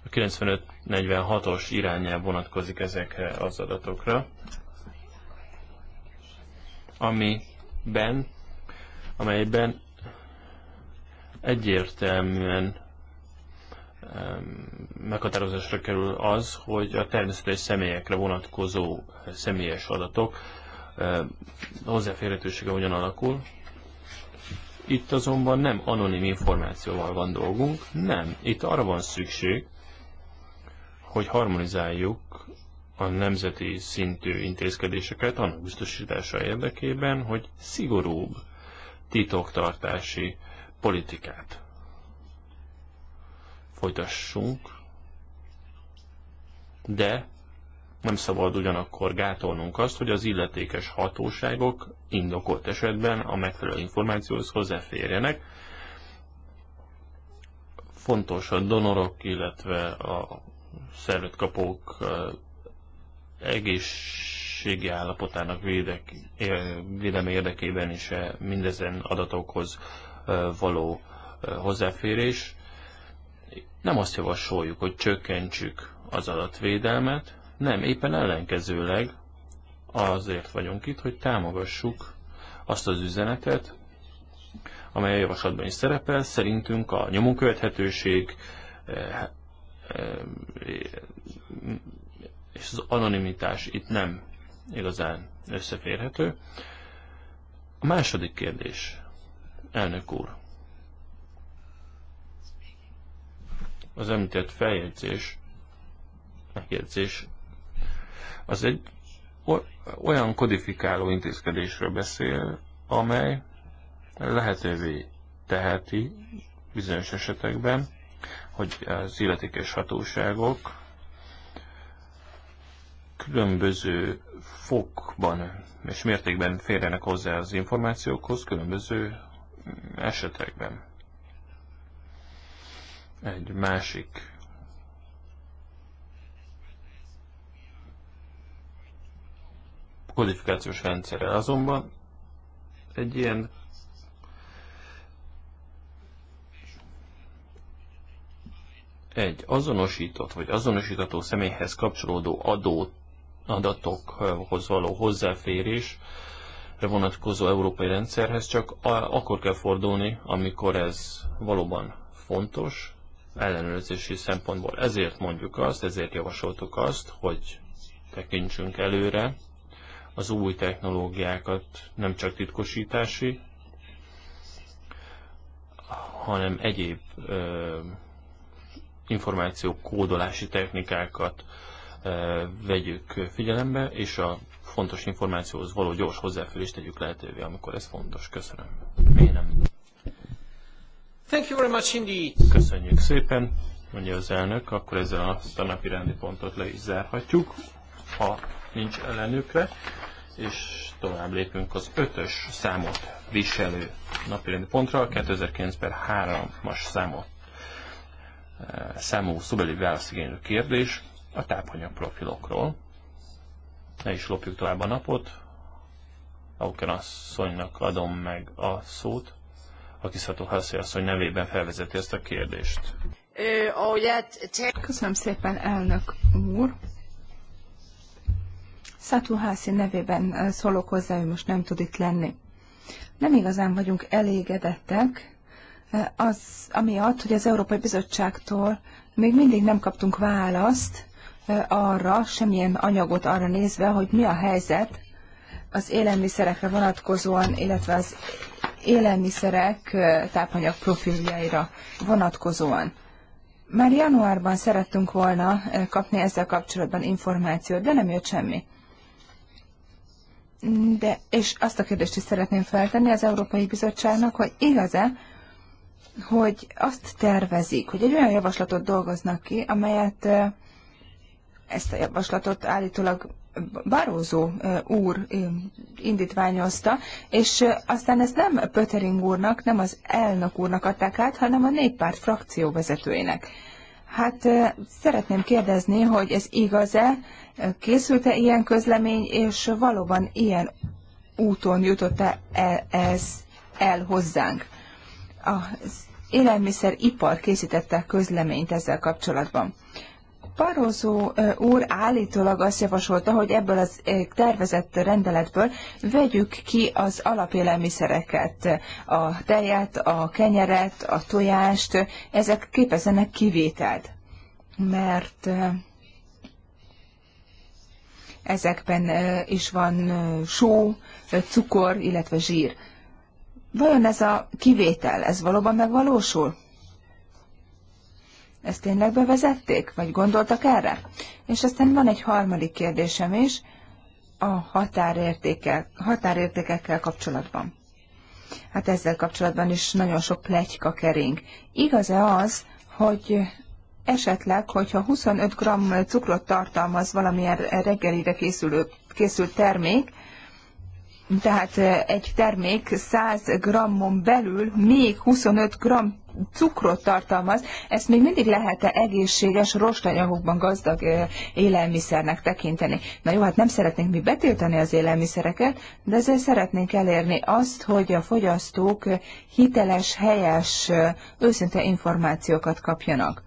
a 95-46-os irányel vonatkozik ezekre az adatokra, amiben, amelyben egyértelműen meghatározásra kerül az, hogy a természetes személyekre vonatkozó személyes adatok hozzáférhetősége hogyan alakul. Itt azonban nem anonim információval van dolgunk, nem. Itt arra van szükség, hogy harmonizáljuk a nemzeti szintű intézkedéseket annak biztosítása érdekében, hogy szigorúbb titoktartási politikát folytassunk, de nem szabad ugyanakkor gátolnunk azt, hogy az illetékes hatóságok indokolt esetben a megfelelő információhoz hozzáférjenek. Fontos a donorok, illetve a szervetkapók egészségi állapotának védek, védelme érdekében is eh, mindezen adatokhoz való hozzáférés. Nem azt javasoljuk, hogy csökkentsük az adatvédelmet, nem, éppen ellenkezőleg azért vagyunk itt, hogy támogassuk azt az üzenetet, amely a javaslatban is szerepel. Szerintünk a nyomonkövethetőség és az anonimitás itt nem igazán összeférhető. A második kérdés. Elnök úr! Az említett feljegyzés, megjegyzés, az egy olyan kodifikáló intézkedésről beszél, amely lehetővé teheti bizonyos esetekben, hogy az illetékes hatóságok különböző fokban és mértékben férjenek hozzá az információkhoz, különböző esetekben. Egy másik kodifikációs rendszerrel. Azonban egy ilyen egy azonosított vagy azonosítató személyhez kapcsolódó adó adatokhoz való hozzáférés vonatkozó európai rendszerhez csak akkor kell fordulni, amikor ez valóban fontos ellenőrzési szempontból. Ezért mondjuk azt, ezért javasoltuk azt, hogy tekintsünk előre az új technológiákat nem csak titkosítási, hanem egyéb ö, információ kódolási technikákat vegyük figyelembe, és a fontos információhoz való gyors hozzáférést tegyük lehetővé, amikor ez fontos. Köszönöm. Miért nem? Thank you very much indeed. Köszönjük szépen, mondja az elnök. Akkor ezzel a tanapi rendi pontot le is zárhatjuk, ha nincs ellenükre. És tovább lépünk az ötös számot viselő napirendi pontra, 2009 per 3-as számot eh, számú szubeli válaszigénylő kérdés a tápanyag profilokról ne is lopjuk tovább a napot. Auken asszonynak adom meg a szót, a kiszható Haszi asszony nevében felvezeti ezt a kérdést. Hát Köszönöm szépen, elnök úr. Szatú Haszi nevében szólok hozzá, hogy most nem tud itt lenni. Nem igazán vagyunk elégedettek, az, amiatt, hogy az Európai Bizottságtól még mindig nem kaptunk választ arra, semmilyen anyagot arra nézve, hogy mi a helyzet az élelmiszerekre vonatkozóan, illetve az élelmiszerek tápanyag profiljaira vonatkozóan. Már januárban szerettünk volna kapni ezzel kapcsolatban információt, de nem jött semmi. De, és azt a kérdést is szeretném feltenni az Európai Bizottságnak, hogy igaz-e, hogy azt tervezik, hogy egy olyan javaslatot dolgoznak ki, amelyet ezt a javaslatot állítólag Barózó úr indítványozta, és aztán ezt nem Pötering úrnak, nem az elnök úrnak adták át, hanem a néppárt frakció vezetőjének. Hát szeretném kérdezni, hogy ez igaz-e, készült-e ilyen közlemény, és valóban ilyen úton jutott-e e, ez el hozzánk? Az élelmiszeripar készítette közleményt ezzel kapcsolatban. Barozó úr állítólag azt javasolta, hogy ebből az tervezett rendeletből vegyük ki az alapélelmiszereket, a tejet, a kenyeret, a tojást, ezek képezenek kivételt, mert ezekben is van só, cukor, illetve zsír. Vajon ez a kivétel, ez valóban megvalósul? Ezt tényleg bevezették? Vagy gondoltak erre? És aztán van egy harmadik kérdésem is a határértékek, határértékekkel kapcsolatban. Hát ezzel kapcsolatban is nagyon sok plegyka kering. Igaz-e az, hogy esetleg, hogyha 25 g cukrot tartalmaz valamilyen reggelire készülő, készült termék, tehát egy termék 100 grammon belül még 25 g cukrot tartalmaz, ezt még mindig lehet-e egészséges, rostanyagokban gazdag élelmiszernek tekinteni. Na jó, hát nem szeretnénk mi betiltani az élelmiszereket, de ezzel szeretnénk elérni azt, hogy a fogyasztók hiteles, helyes, őszinte információkat kapjanak.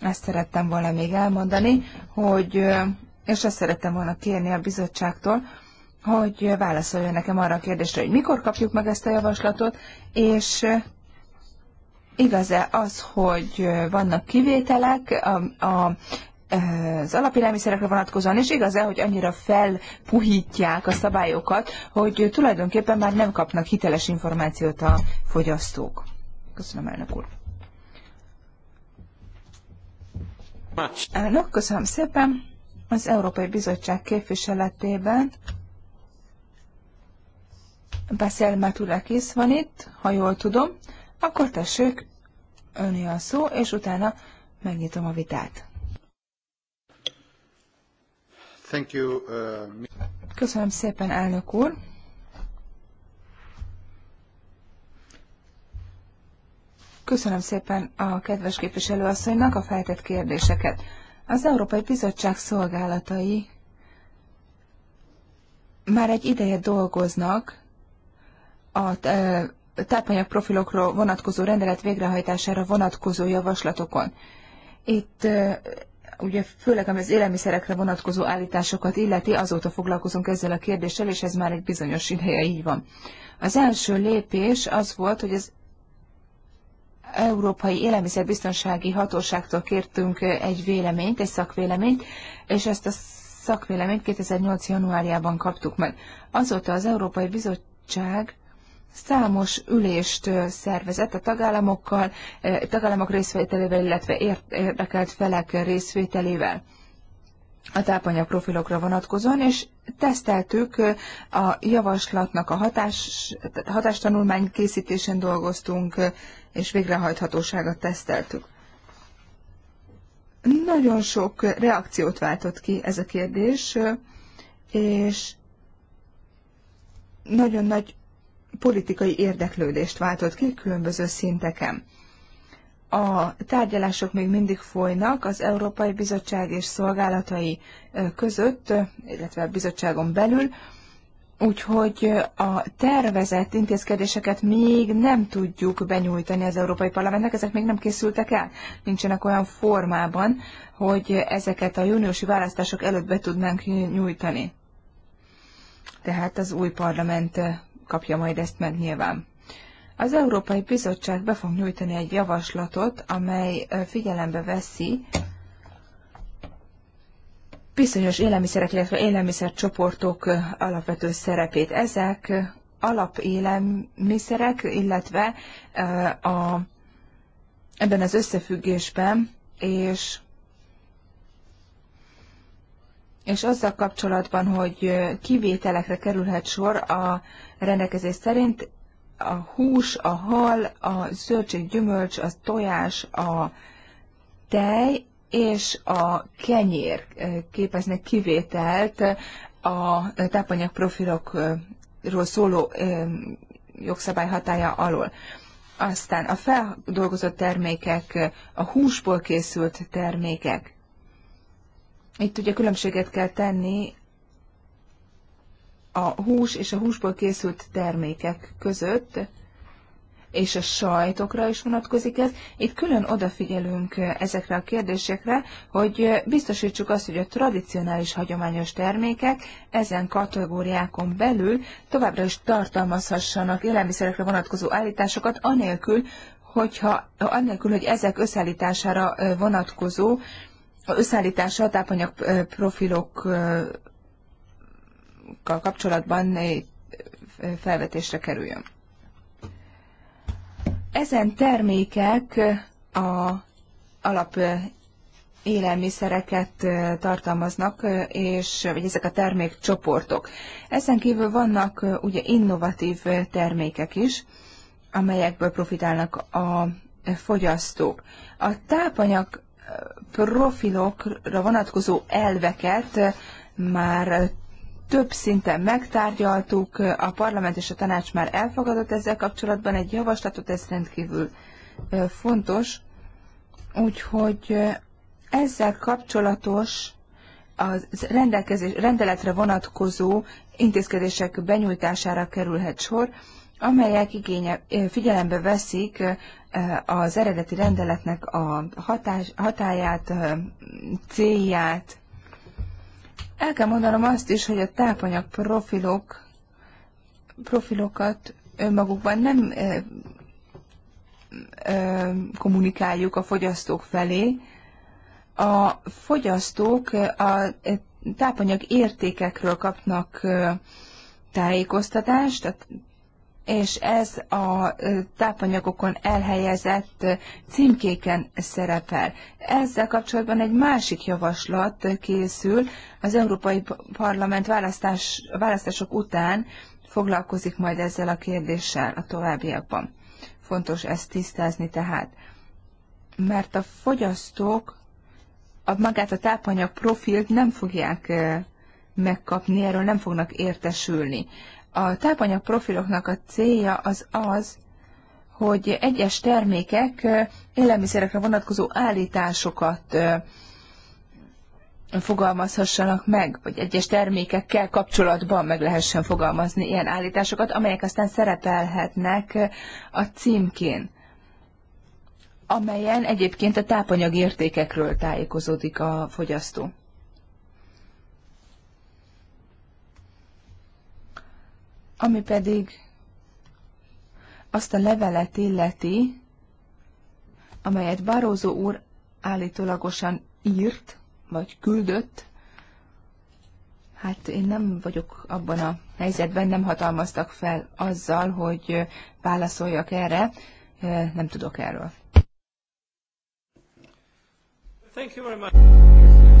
Ezt szerettem volna még elmondani, hogy, és ezt szerettem volna kérni a bizottságtól, hogy válaszoljon nekem arra a kérdésre, hogy mikor kapjuk meg ezt a javaslatot, és Igaz-e az, hogy vannak kivételek a, a, az alapélelmiszerekre vonatkozóan, és igaz-e, hogy annyira felpuhítják a szabályokat, hogy tulajdonképpen már nem kapnak hiteles információt a fogyasztók? Köszönöm, elnök úr. Elnök, köszönöm szépen. Az Európai Bizottság képviseletében beszél Maturakis van itt, ha jól tudom. Akkor tessék, önni a szó, és utána megnyitom a vitát. Thank you, uh, Köszönöm szépen, elnök úr. Köszönöm szépen a kedves képviselőasszonynak a feltett kérdéseket. Az Európai Bizottság szolgálatai már egy ideje dolgoznak a tápanyag vonatkozó rendelet végrehajtására vonatkozó javaslatokon. Itt ugye főleg ami az élelmiszerekre vonatkozó állításokat illeti, azóta foglalkozunk ezzel a kérdéssel, és ez már egy bizonyos ideje így van. Az első lépés az volt, hogy az Európai Élelmiszerbiztonsági Hatóságtól kértünk egy véleményt, egy szakvéleményt, és ezt a szakvéleményt 2008. januárjában kaptuk meg. Azóta az Európai Bizottság számos ülést szervezett a tagállamokkal, tagállamok részvételével, illetve érdekelt felek részvételével a tápanyag profilokra vonatkozóan, és teszteltük a javaslatnak a hatás, hatástanulmány készítésén dolgoztunk, és végrehajthatóságot teszteltük. Nagyon sok reakciót váltott ki ez a kérdés, és nagyon nagy politikai érdeklődést váltott ki különböző szinteken. A tárgyalások még mindig folynak az Európai Bizottság és szolgálatai között, illetve a bizottságon belül, úgyhogy a tervezett intézkedéseket még nem tudjuk benyújtani az Európai Parlamentnek, ezek még nem készültek el, nincsenek olyan formában, hogy ezeket a júniusi választások előtt be tudnánk nyújtani. Tehát az új parlament kapja majd ezt meg nyilván. Az Európai Bizottság be fog nyújtani egy javaslatot, amely figyelembe veszi bizonyos élelmiszerek, illetve élelmiszercsoportok alapvető szerepét. Ezek alapélelmiszerek, illetve a, ebben az összefüggésben és és azzal kapcsolatban, hogy kivételekre kerülhet sor a rendelkezés szerint, a hús, a hal, a zöldség, gyümölcs, a tojás, a tej és a kenyér képeznek kivételt a tápanyag profilokról szóló jogszabály hatája alól. Aztán a feldolgozott termékek, a húsból készült termékek, itt ugye különbséget kell tenni a hús és a húsból készült termékek között, és a sajtokra is vonatkozik ez. Itt külön odafigyelünk ezekre a kérdésekre, hogy biztosítsuk azt, hogy a tradicionális hagyományos termékek ezen kategóriákon belül továbbra is tartalmazhassanak élelmiszerekre vonatkozó állításokat, anélkül, hogyha, anélkül, hogy ezek összeállítására vonatkozó összeállítása a tápanyag profilokkal kapcsolatban felvetésre kerüljön. Ezen termékek a alap élelmiszereket tartalmaznak, és vagy ezek a termékcsoportok. Ezen kívül vannak ugye innovatív termékek is, amelyekből profitálnak a fogyasztók. A tápanyag profilokra vonatkozó elveket már több szinten megtárgyaltuk, a parlament és a tanács már elfogadott ezzel kapcsolatban egy javaslatot, ez rendkívül fontos. Úgyhogy ezzel kapcsolatos az rendelkezés, rendeletre vonatkozó intézkedések benyújtására kerülhet sor, amelyek igénye, figyelembe veszik Eh, az eredeti rendeletnek a hatás, hatáját, eh, célját. El kell mondanom azt is, hogy a tápanyag profilok, profilokat önmagukban nem ö, eh, ö, kommunikáljuk a fogyasztók felé. A fogyasztók a tápanyag értékekről kapnak tájékoztatást, a és ez a tápanyagokon elhelyezett címkéken szerepel. Ezzel kapcsolatban egy másik javaslat készül, az Európai Parlament választás, választások után foglalkozik majd ezzel a kérdéssel a továbbiakban. Fontos ezt tisztázni tehát, mert a fogyasztók a magát a tápanyag profilt nem fogják megkapni, erről nem fognak értesülni. A tápanyag profiloknak a célja az az, hogy egyes termékek élelmiszerekre vonatkozó állításokat fogalmazhassanak meg, vagy egyes termékekkel kapcsolatban meg lehessen fogalmazni ilyen állításokat, amelyek aztán szerepelhetnek a címkén, amelyen egyébként a tápanyagértékekről tájékozódik a fogyasztó. Ami pedig azt a levelet illeti, amelyet Barózó úr állítólagosan írt, vagy küldött, hát én nem vagyok abban a helyzetben, nem hatalmaztak fel azzal, hogy válaszoljak erre, nem tudok erről. Thank you very much.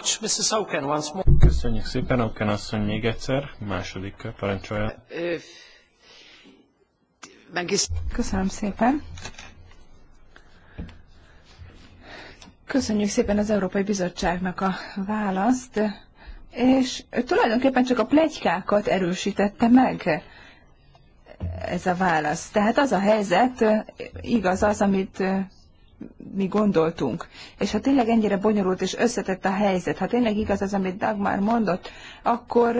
much, Mrs. once more. Köszönjük szépen, Oaken asszony még egyszer, második parancsolja. Köszönöm szépen. Köszönjük szépen az Európai Bizottságnak a választ, és tulajdonképpen csak a plegykákat erősítette meg ez a válasz. Tehát az a helyzet, igaz az, amit mi gondoltunk. És ha tényleg ennyire bonyolult és összetett a helyzet, ha tényleg igaz az, amit Dagmar mondott, akkor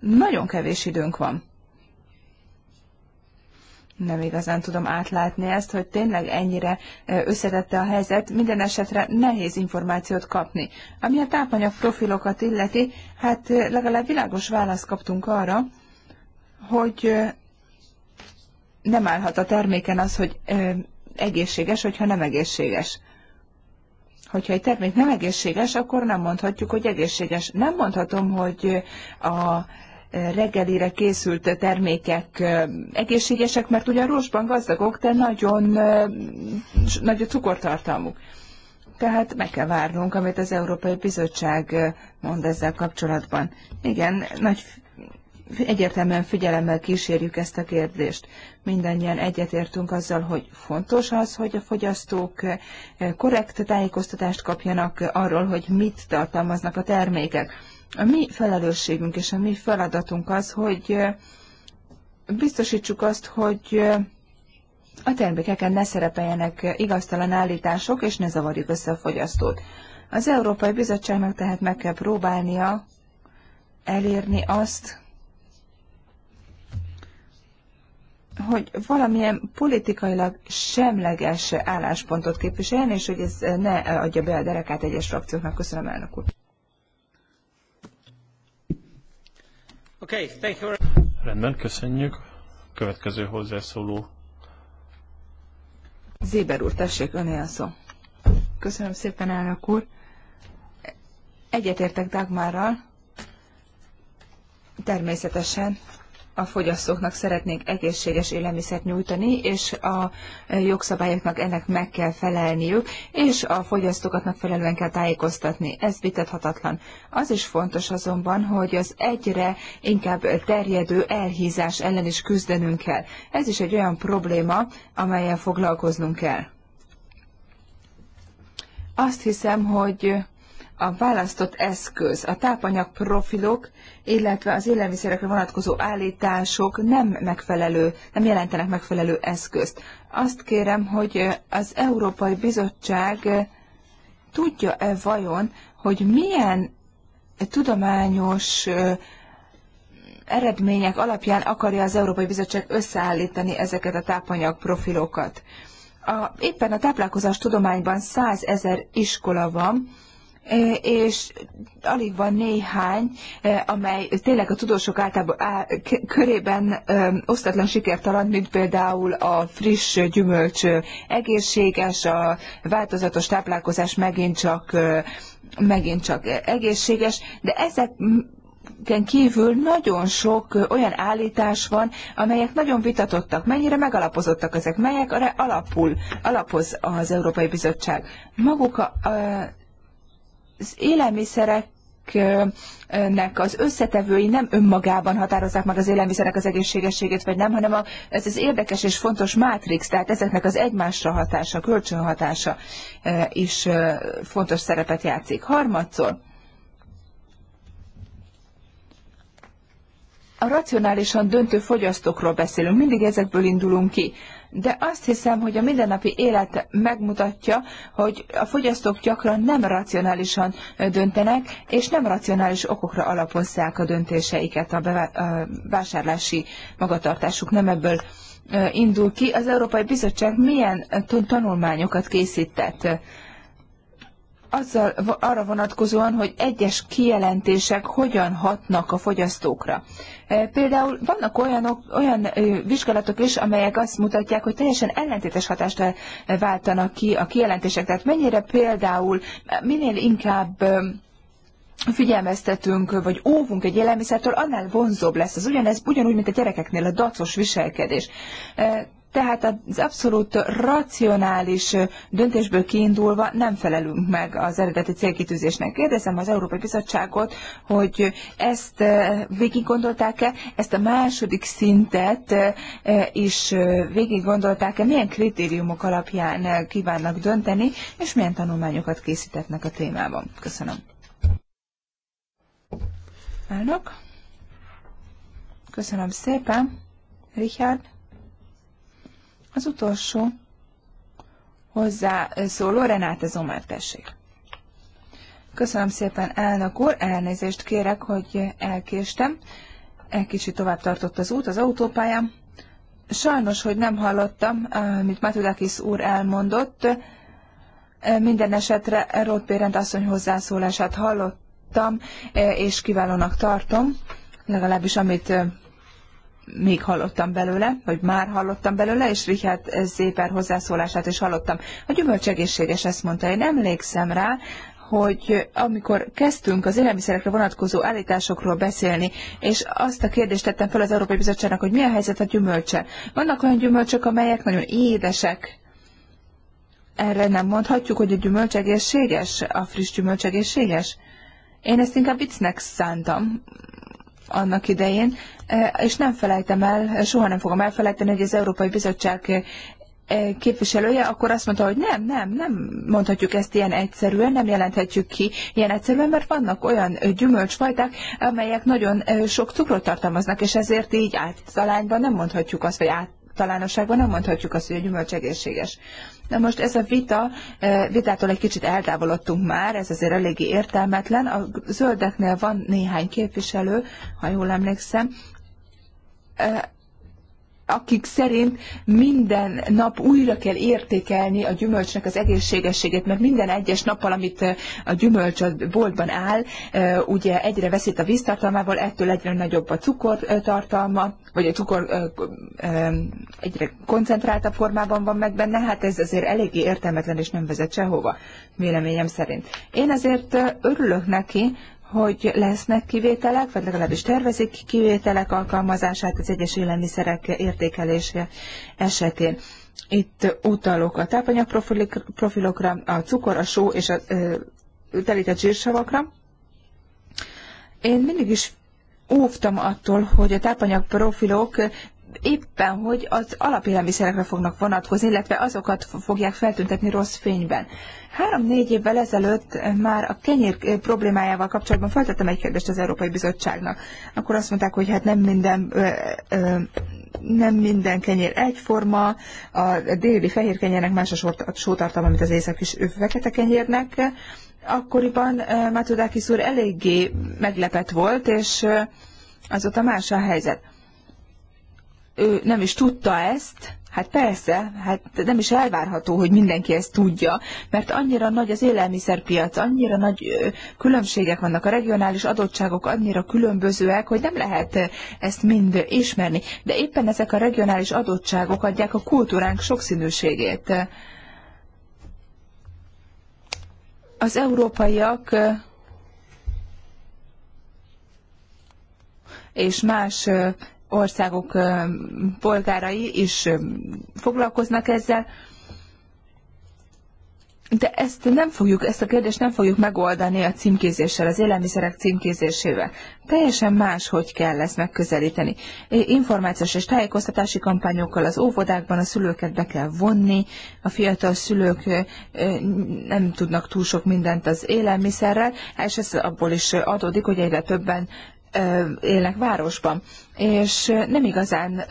nagyon kevés időnk van. Nem igazán tudom átlátni ezt, hogy tényleg ennyire összetette a helyzet, minden esetre nehéz információt kapni. Ami a tápanyag profilokat illeti, hát legalább világos választ kaptunk arra, hogy nem állhat a terméken az, hogy egészséges, hogyha nem egészséges. Hogyha egy termék nem egészséges, akkor nem mondhatjuk, hogy egészséges. Nem mondhatom, hogy a reggelire készült termékek egészségesek, mert ugyan rostban gazdagok, de nagyon nagy a cukortartalmuk. Tehát meg kell várnunk, amit az Európai Bizottság mond ezzel kapcsolatban. Igen, nagy egyértelműen figyelemmel kísérjük ezt a kérdést. Mindannyian egyetértünk azzal, hogy fontos az, hogy a fogyasztók eh, korrekt tájékoztatást kapjanak arról, hogy mit tartalmaznak a termékek. A mi felelősségünk és a mi feladatunk az, hogy eh, biztosítsuk azt, hogy eh, a termékeken ne szerepeljenek igaztalan állítások, és ne zavarjuk össze a fogyasztót. Az Európai Bizottságnak tehát meg kell próbálnia elérni azt, hogy valamilyen politikailag semleges álláspontot képviseljen, és hogy ez ne adja be a derekát egyes frakcióknak. Köszönöm, elnök úr. Okay, thank you. Rendben, köszönjük. Következő hozzászóló. Zéber úr, tessék, öné a szó. Köszönöm szépen, elnök úr. Egyetértek Dagmárral. Természetesen a fogyasztóknak szeretnénk egészséges élelmiszert nyújtani, és a jogszabályoknak ennek meg kell felelniük, és a fogyasztókat megfelelően kell tájékoztatni. Ez vitathatatlan. Az is fontos azonban, hogy az egyre inkább terjedő elhízás ellen is küzdenünk kell. Ez is egy olyan probléma, amelyel foglalkoznunk kell. Azt hiszem, hogy a választott eszköz, a tápanyag profilok, illetve az élelmiszerekre vonatkozó állítások nem megfelelő, nem jelentenek megfelelő eszközt. Azt kérem, hogy az Európai Bizottság tudja-e vajon, hogy milyen tudományos eredmények alapján akarja az Európai Bizottság összeállítani ezeket a tápanyag profilokat. A, éppen a táplálkozás tudományban 100 ezer iskola van, E, és alig van néhány, e, amely tényleg a tudósok általában á, körében e, osztatlan sikertalan, mint például a friss gyümölcs egészséges, a változatos táplálkozás megint csak, megint csak egészséges, de ezek kívül nagyon sok olyan állítás van, amelyek nagyon vitatottak. Mennyire megalapozottak ezek, melyek alapul, alapoz az Európai Bizottság. Maguk a, a az élelmiszerek nek az összetevői nem önmagában határozzák meg az élelmiszerek az egészségességét, vagy nem, hanem a, ez az érdekes és fontos mátrix, tehát ezeknek az egymásra hatása, kölcsönhatása e, is e, fontos szerepet játszik. Harmadszor, a racionálisan döntő fogyasztókról beszélünk, mindig ezekből indulunk ki de azt hiszem, hogy a mindennapi élet megmutatja, hogy a fogyasztók gyakran nem racionálisan döntenek, és nem racionális okokra alapozzák a döntéseiket, a, bevá- a vásárlási magatartásuk nem ebből indul ki. Az Európai Bizottság milyen tanulmányokat készített azzal, arra vonatkozóan, hogy egyes kijelentések hogyan hatnak a fogyasztókra. E, például vannak olyanok, olyan vizsgálatok is, amelyek azt mutatják, hogy teljesen ellentétes hatást e, váltanak ki a kijelentések. Tehát mennyire például minél inkább figyelmeztetünk, vagy óvunk egy élelmiszertől, annál vonzóbb lesz. Az ugyanez, ugyanúgy, mint a gyerekeknél a dacos viselkedés. E, tehát az abszolút racionális döntésből kiindulva nem felelünk meg az eredeti célkitűzésnek. Kérdezem az Európai Bizottságot, hogy ezt eh, végig gondolták-e, ezt a második szintet eh, is eh, végig gondolták-e, milyen kritériumok alapján kívánnak dönteni, és milyen tanulmányokat készítetnek a témában. Köszönöm. Elnök. Köszönöm szépen. Richard. Az utolsó hozzá szóló Renáte Zomár, tessék. Köszönöm szépen, elnök úr, elnézést kérek, hogy elkéstem. Egy kicsit tovább tartott az út az autópályám. Sajnos, hogy nem hallottam, eh, amit Matudakis úr elmondott. Eh, minden esetre Rót Pérend asszony hozzászólását hallottam, eh, és kiválónak tartom, legalábbis amit még hallottam belőle, vagy már hallottam belőle, és Richard Zéper hozzászólását is hallottam. A gyümölcs egészséges, ezt mondta, én emlékszem rá, hogy amikor kezdtünk az élelmiszerekre vonatkozó állításokról beszélni, és azt a kérdést tettem fel az Európai Bizottságnak, hogy mi a helyzet a gyümölcse. Vannak olyan gyümölcsök, amelyek nagyon édesek. Erre nem mondhatjuk, hogy a gyümölcs egészséges, a friss gyümölcs egészséges. Én ezt inkább viccnek szántam, annak idején, e, és nem felejtem el, soha nem fogom elfelejteni, hogy az Európai Bizottság e, képviselője, akkor azt mondta, hogy nem, nem, nem mondhatjuk ezt ilyen egyszerűen, nem jelenthetjük ki ilyen egyszerűen, mert vannak olyan gyümölcsfajták, amelyek nagyon e, sok cukrot tartalmaznak, és ezért így általányban nem mondhatjuk azt, vagy általánosságban nem mondhatjuk azt, hogy a gyümölcs egészséges. Na most ez a vita, eh, vitától egy kicsit eltávolodtunk már, ez azért eléggé értelmetlen. A zöldeknél van néhány képviselő, ha jól emlékszem, eh, akik szerint minden nap újra kell értékelni a gyümölcsnek az egészségességét, mert minden egyes nappal, amit a gyümölcs a boltban áll, ugye egyre veszít a víztartalmával, ettől egyre nagyobb a cukortartalma, vagy a cukor egyre koncentráltabb formában van meg benne, hát ez azért eléggé értelmetlen és nem vezet sehova, véleményem szerint. Én azért örülök neki, hogy lesznek kivételek, vagy legalábbis tervezik kivételek alkalmazását az egyes élelmiszerek értékelése esetén. Itt utalok a tápanyagprofilokra, a cukor, a só és a ö, telített zsírsavakra. Én mindig is óvtam attól, hogy a tápanyagprofilok éppen, hogy az alapélelmiszerekre fognak vonatkozni, illetve azokat fogják feltüntetni rossz fényben. Három-négy évvel ezelőtt eh, már a kenyér eh, problémájával kapcsolatban feltettem egy kérdést az Európai Bizottságnak. Akkor azt mondták, hogy hát nem minden, ö, ö, nem minden kenyér egyforma, a déli fehér kenyérnek más a sótartalma, mint az északi fekete kenyérnek. Akkoriban Matudákis úr eléggé meglepett volt, és azóta más a helyzet ő nem is tudta ezt, Hát persze, hát nem is elvárható, hogy mindenki ezt tudja, mert annyira nagy az élelmiszerpiac, annyira nagy különbségek vannak, a regionális adottságok annyira különbözőek, hogy nem lehet ezt mind ismerni. De éppen ezek a regionális adottságok adják a kultúránk sokszínűségét. Az európaiak és más országok polgárai is foglalkoznak ezzel. De ezt nem fogjuk, ezt a kérdést nem fogjuk megoldani a címkézéssel, az élelmiszerek címkézésével. Teljesen más, hogy kell ezt megközelíteni. Információs és tájékoztatási kampányokkal az óvodákban a szülőket be kell vonni, a fiatal szülők nem tudnak túl sok mindent az élelmiszerrel, és ez abból is adódik, hogy egyre többen élnek városban és nem igazán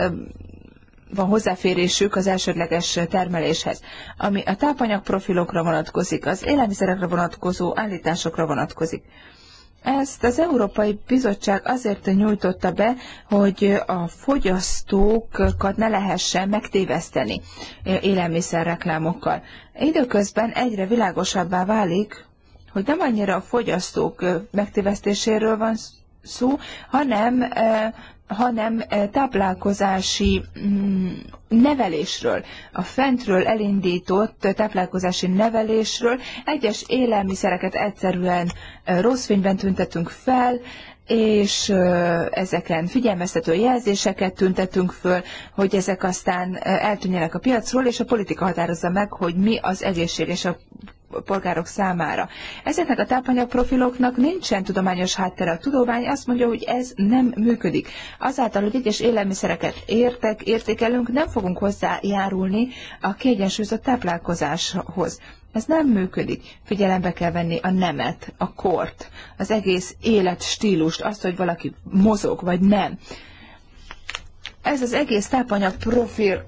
van hozzáférésük az elsődleges termeléshez, ami a tápanyagprofilokra vonatkozik, az élelmiszerekre vonatkozó állításokra vonatkozik. Ezt az Európai Bizottság azért nyújtotta be, hogy a fogyasztókat ne lehessen megtéveszteni élelmiszerreklámokkal. Időközben egyre világosabbá válik, hogy nem annyira a fogyasztók megtévesztéséről van szó, hanem hanem eh, táplálkozási mm, nevelésről, a fentről elindított táplálkozási nevelésről. Egyes élelmiszereket egyszerűen eh, rossz fényben tüntetünk fel, és eh, ezeken figyelmeztető jelzéseket tüntetünk föl, hogy ezek aztán eltűnjenek a piacról, és a politika határozza meg, hogy mi az egészséges a polgárok számára. Ezeknek a tápanyagprofiloknak nincsen tudományos háttere. A tudomány azt mondja, hogy ez nem működik. Azáltal, hogy egyes élelmiszereket értek, értékelünk, nem fogunk hozzájárulni a kiegyensúlyozott táplálkozáshoz. Ez nem működik. Figyelembe kell venni a nemet, a kort, az egész életstílust, azt, hogy valaki mozog vagy nem. Ez az egész tápanyagprofil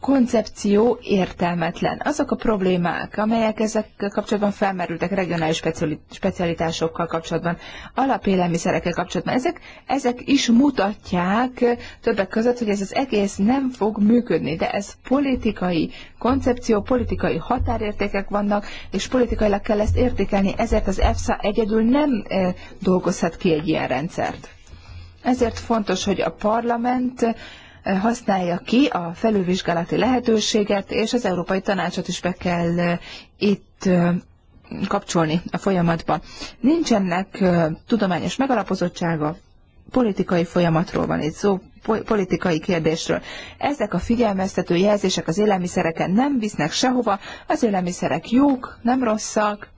koncepció értelmetlen. Azok a problémák, amelyek ezek kapcsolatban felmerültek regionális specialitásokkal kapcsolatban, alapélelmiszerekkel kapcsolatban, ezek, ezek is mutatják többek között, hogy ez az egész nem fog működni, de ez politikai koncepció, politikai határértékek vannak, és politikailag kell ezt értékelni, ezért az EFSA egyedül nem eh, dolgozhat ki egy ilyen rendszert. Ezért fontos, hogy a parlament használja ki a felülvizsgálati lehetőséget, és az Európai Tanácsot is be kell itt kapcsolni a folyamatba. Nincsenek tudományos megalapozottsága, politikai folyamatról van itt szó, politikai kérdésről. Ezek a figyelmeztető jelzések az élelmiszereken nem visznek sehova, az élelmiszerek jók, nem rosszak,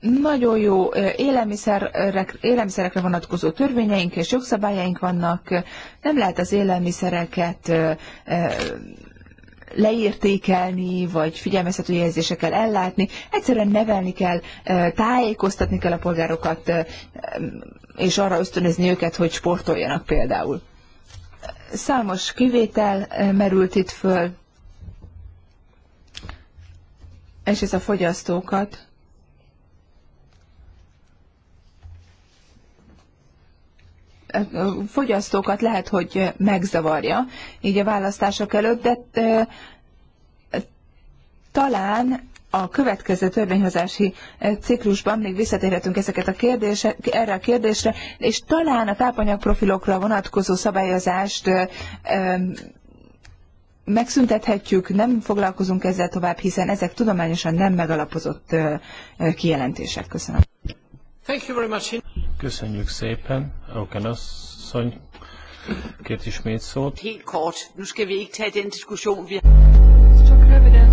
nagyon jó élelmiszerek, élelmiszerekre vonatkozó törvényeink és jogszabályaink vannak. Nem lehet az élelmiszereket leértékelni, vagy figyelmeztető jelzésekkel ellátni. Egyszerűen nevelni kell, tájékoztatni kell a polgárokat, és arra ösztönözni őket, hogy sportoljanak például. Számos kivétel merült itt föl, és ez a fogyasztókat fogyasztókat lehet, hogy megzavarja, így a választások előtt, de talán a következő törvényhozási ciklusban még visszatérhetünk ezeket a kérdése, erre a kérdésre, és talán a tápanyagprofilokra vonatkozó szabályozást megszüntethetjük, nem foglalkozunk ezzel tovább, hiszen ezek tudományosan nem megalapozott kijelentések. Köszönöm. Thank you very much. Köszönjük szépen. Oké, asszony, két ismét szót. Helt kort. Nu skal vi ikke tage den diskussion, vi... Csak röviden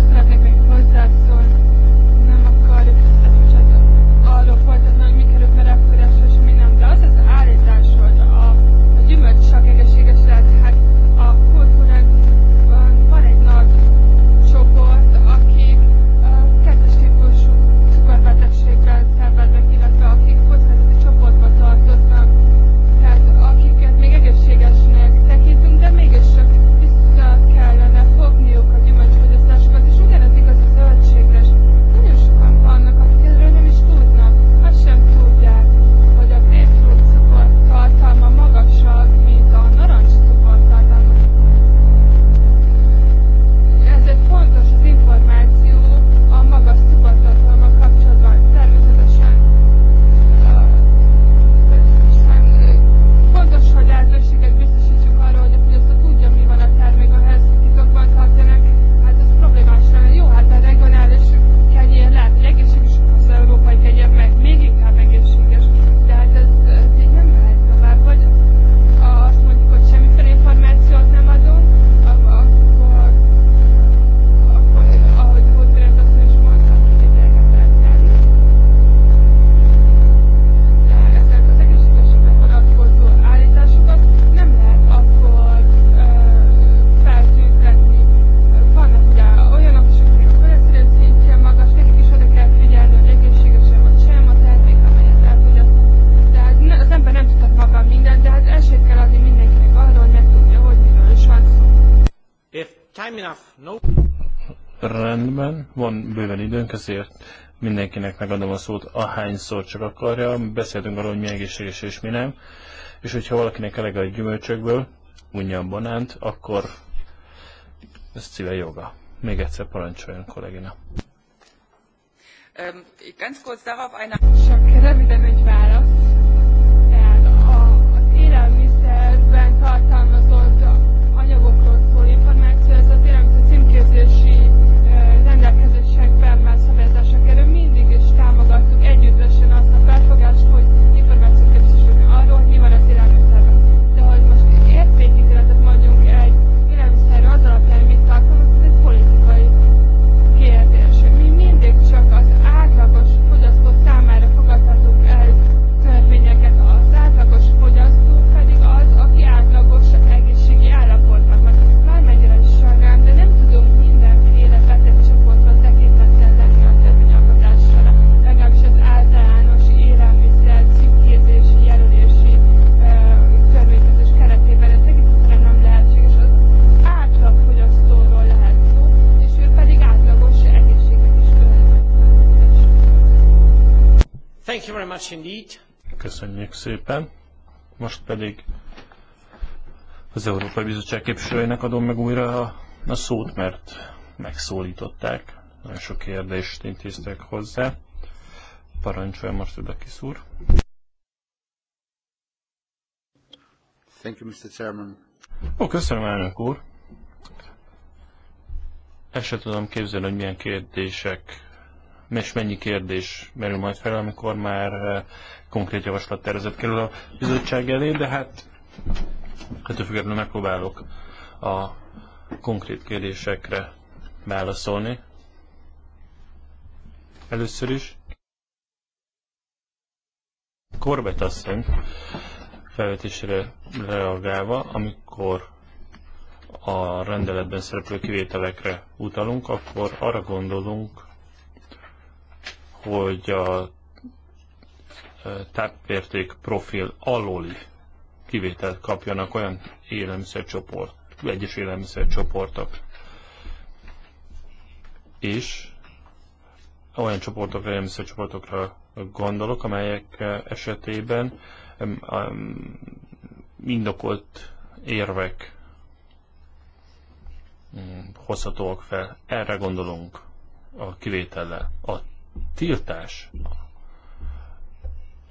Van bőven időnk, ezért mindenkinek megadom a szót, ahányszor csak akarja. Beszéltünk arról, hogy mi egészséges és mi nem. És hogyha valakinek elege a gyümölcsökből, unja a banánt, akkor ez civil joga. Még egyszer parancsoljon, kollégina. ganz kurz darauf eine... Csak röviden egy válasz. Tehát a élelmiszerben tartalmaz szépen. Most pedig az Európai Bizottság képviselőjének adom meg újra a, a szót, mert megszólították. Nagyon sok kérdést intéztek hozzá. Parancsolja most oda kiszúr. Thank you, Mr. Chairman. Ó, köszönöm, elnök úr. El sem tudom képzelni, hogy milyen kérdések és mennyi kérdés merül majd fel, amikor már konkrét javaslattervezet kerül a bizottság elé, de hát ettől függetlenül megpróbálok a konkrét kérdésekre válaszolni. Először is Korbett asszony felvetésére reagálva, amikor a rendeletben szereplő kivételekre utalunk, akkor arra gondolunk, hogy a tápérték profil alóli kivételt kapjanak olyan élelmiszercsoport, egyes élelmiszercsoportok, és olyan csoportokra, élelmiszercsoportokra gondolok, amelyek esetében mindokolt érvek mm, hozhatóak fel. Erre gondolunk a kivétellel. A tiltás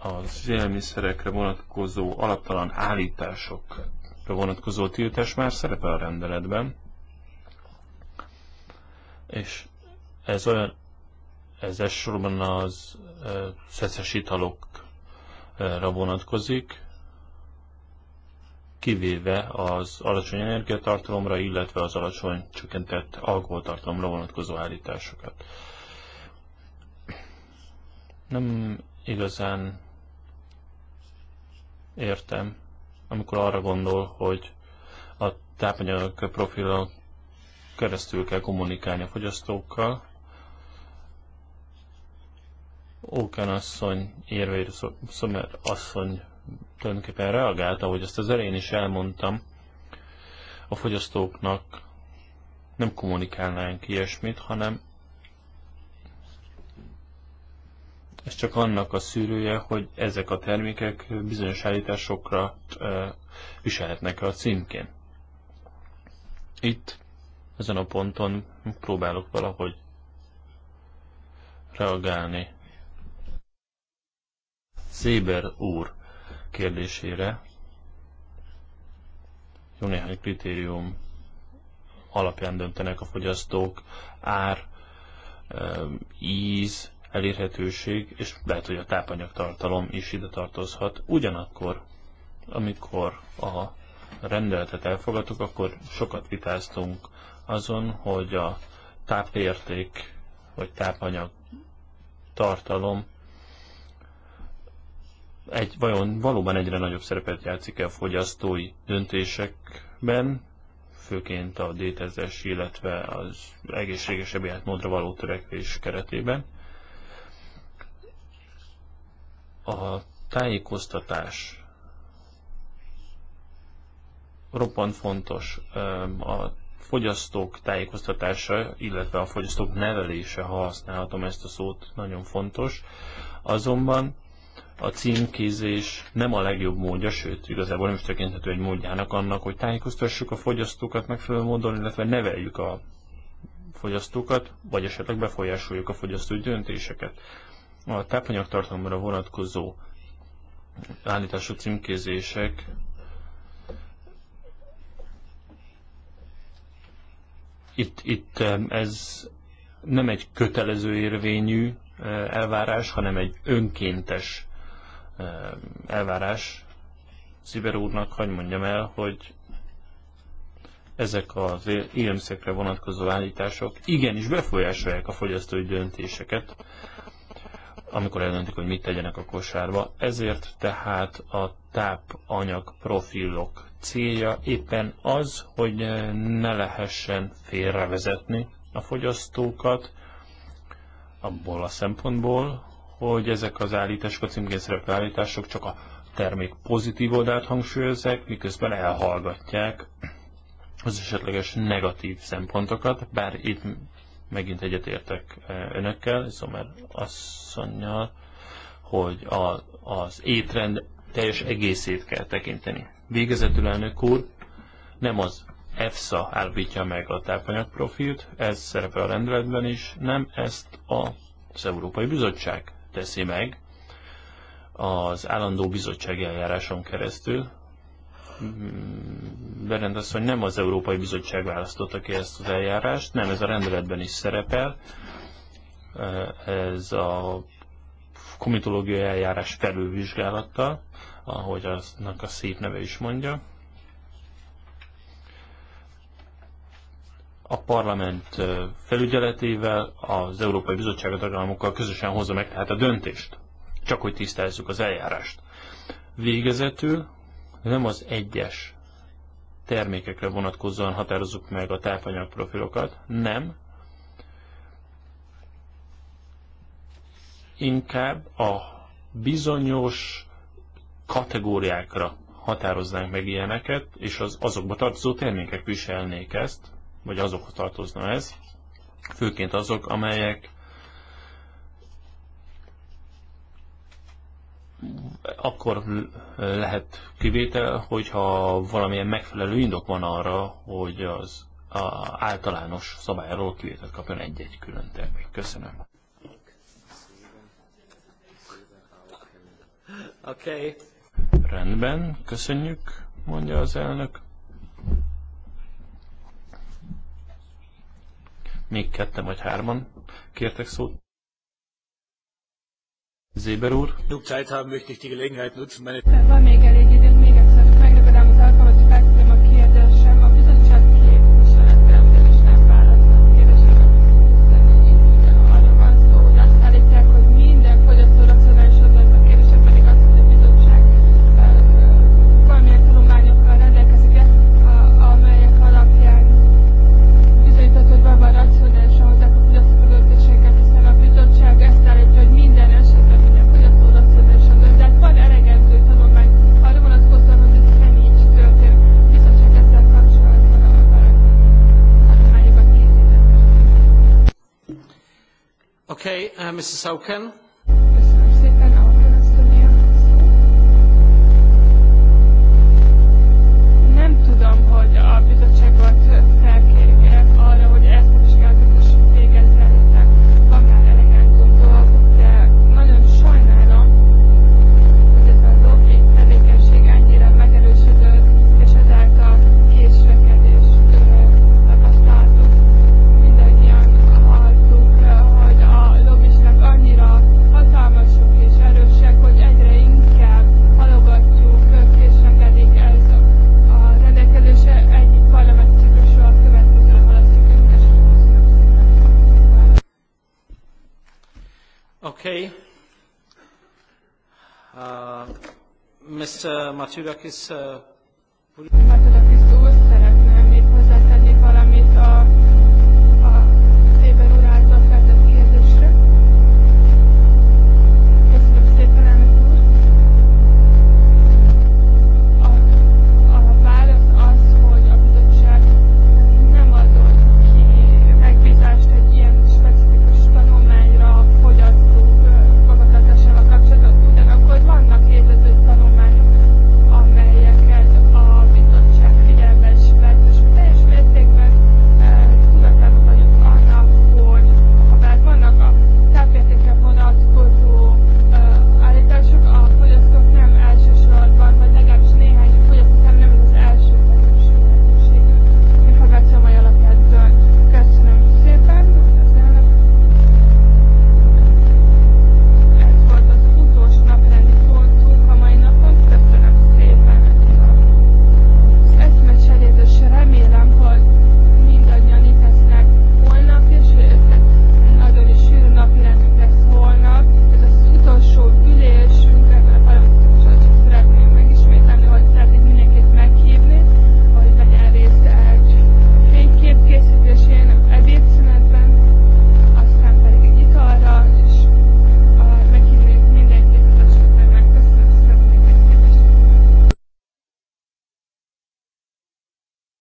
az élelmiszerekre vonatkozó alaptalan állításokra vonatkozó tiltás már szerepel a rendeletben, és ez olyan, ez elsősorban az e, szeszes italokra vonatkozik, kivéve az alacsony energiatartalomra, illetve az alacsony csökkentett alkoholtartalomra vonatkozó állításokat. Nem igazán értem, amikor arra gondol, hogy a tápanyag profilon keresztül kell kommunikálni a fogyasztókkal. Ókán asszony, érveire Szomer asszony tulajdonképpen reagált, ahogy ezt az elején is elmondtam, a fogyasztóknak nem kommunikálnánk ilyesmit, hanem Ez csak annak a szűrője, hogy ezek a termékek bizonyos állításokra viselhetnek a címkén. Itt, ezen a ponton próbálok valahogy reagálni Széber úr kérdésére. Jó néhány kritérium alapján döntenek a fogyasztók, ár, íz, elérhetőség, és lehet, hogy a tápanyagtartalom is ide tartozhat. Ugyanakkor, amikor a rendeletet elfogadtuk, akkor sokat vitáztunk azon, hogy a tápérték vagy tápanyag tartalom egy, vajon valóban egyre nagyobb szerepet játszik a fogyasztói döntésekben, főként a diétezés, illetve az egészségesebb életmódra való törekvés keretében. A tájékoztatás roppant fontos. A fogyasztók tájékoztatása, illetve a fogyasztók nevelése, ha használhatom ezt a szót, nagyon fontos. Azonban a címkézés nem a legjobb módja, sőt, igazából nem is tekinthető egy módjának annak, hogy tájékoztassuk a fogyasztókat megfelelő módon, illetve neveljük a fogyasztókat, vagy esetleg befolyásoljuk a fogyasztói döntéseket. A tápanyagtartalomra vonatkozó állítású címkézések itt, itt ez nem egy kötelező érvényű elvárás, hanem egy önkéntes elvárás. Sziber úrnak hagy mondjam el, hogy ezek az élelmiszerekre vonatkozó állítások igenis befolyásolják a fogyasztói döntéseket, amikor eldöntik, hogy mit tegyenek a kosárba. Ezért tehát a tápanyag profilok célja éppen az, hogy ne lehessen félrevezetni a fogyasztókat abból a szempontból, hogy ezek az állítások, a címkén szereplő állítások csak a termék pozitív oldalt hangsúlyozzák, miközben elhallgatják az esetleges negatív szempontokat, bár itt megint egyetértek eh, önökkel, már asszonynal, hogy a, az étrend teljes egészét kell tekinteni. Végezetül elnök úr, nem az EFSA állapítja meg a tápanyagprofilt, ez szerepel a rendeletben is, nem ezt a, az Európai Bizottság teszi meg az állandó bizottsági eljáráson keresztül, Mm, Berend azt, hogy nem az Európai Bizottság választotta ki ezt az eljárást, nem, ez a rendeletben is szerepel. Ez a komitológiai eljárás felülvizsgálattal, ahogy aznak a szép neve is mondja. A parlament felügyeletével, az Európai Bizottság a tagállamokkal közösen hozza meg tehát a döntést. Csak hogy tisztázzuk az eljárást. Végezetül nem az egyes termékekre vonatkozóan határozzuk meg a tápanyagprofilokat, nem, inkább a bizonyos kategóriákra határoznánk meg ilyeneket, és az, azokba tartozó termékek viselnék ezt, vagy azokhoz tartozna ez, főként azok, amelyek akkor lehet kivétel, hogyha valamilyen megfelelő indok van arra, hogy az a általános szabályról kivételt kapjon egy-egy külön termék. Köszönöm. Oké. Okay. Rendben, köszönjük, mondja az elnök. Még ketten vagy hárman kértek szót. Zéber úr. Van még elég idő. Mrs. Auken. Mr. Uh,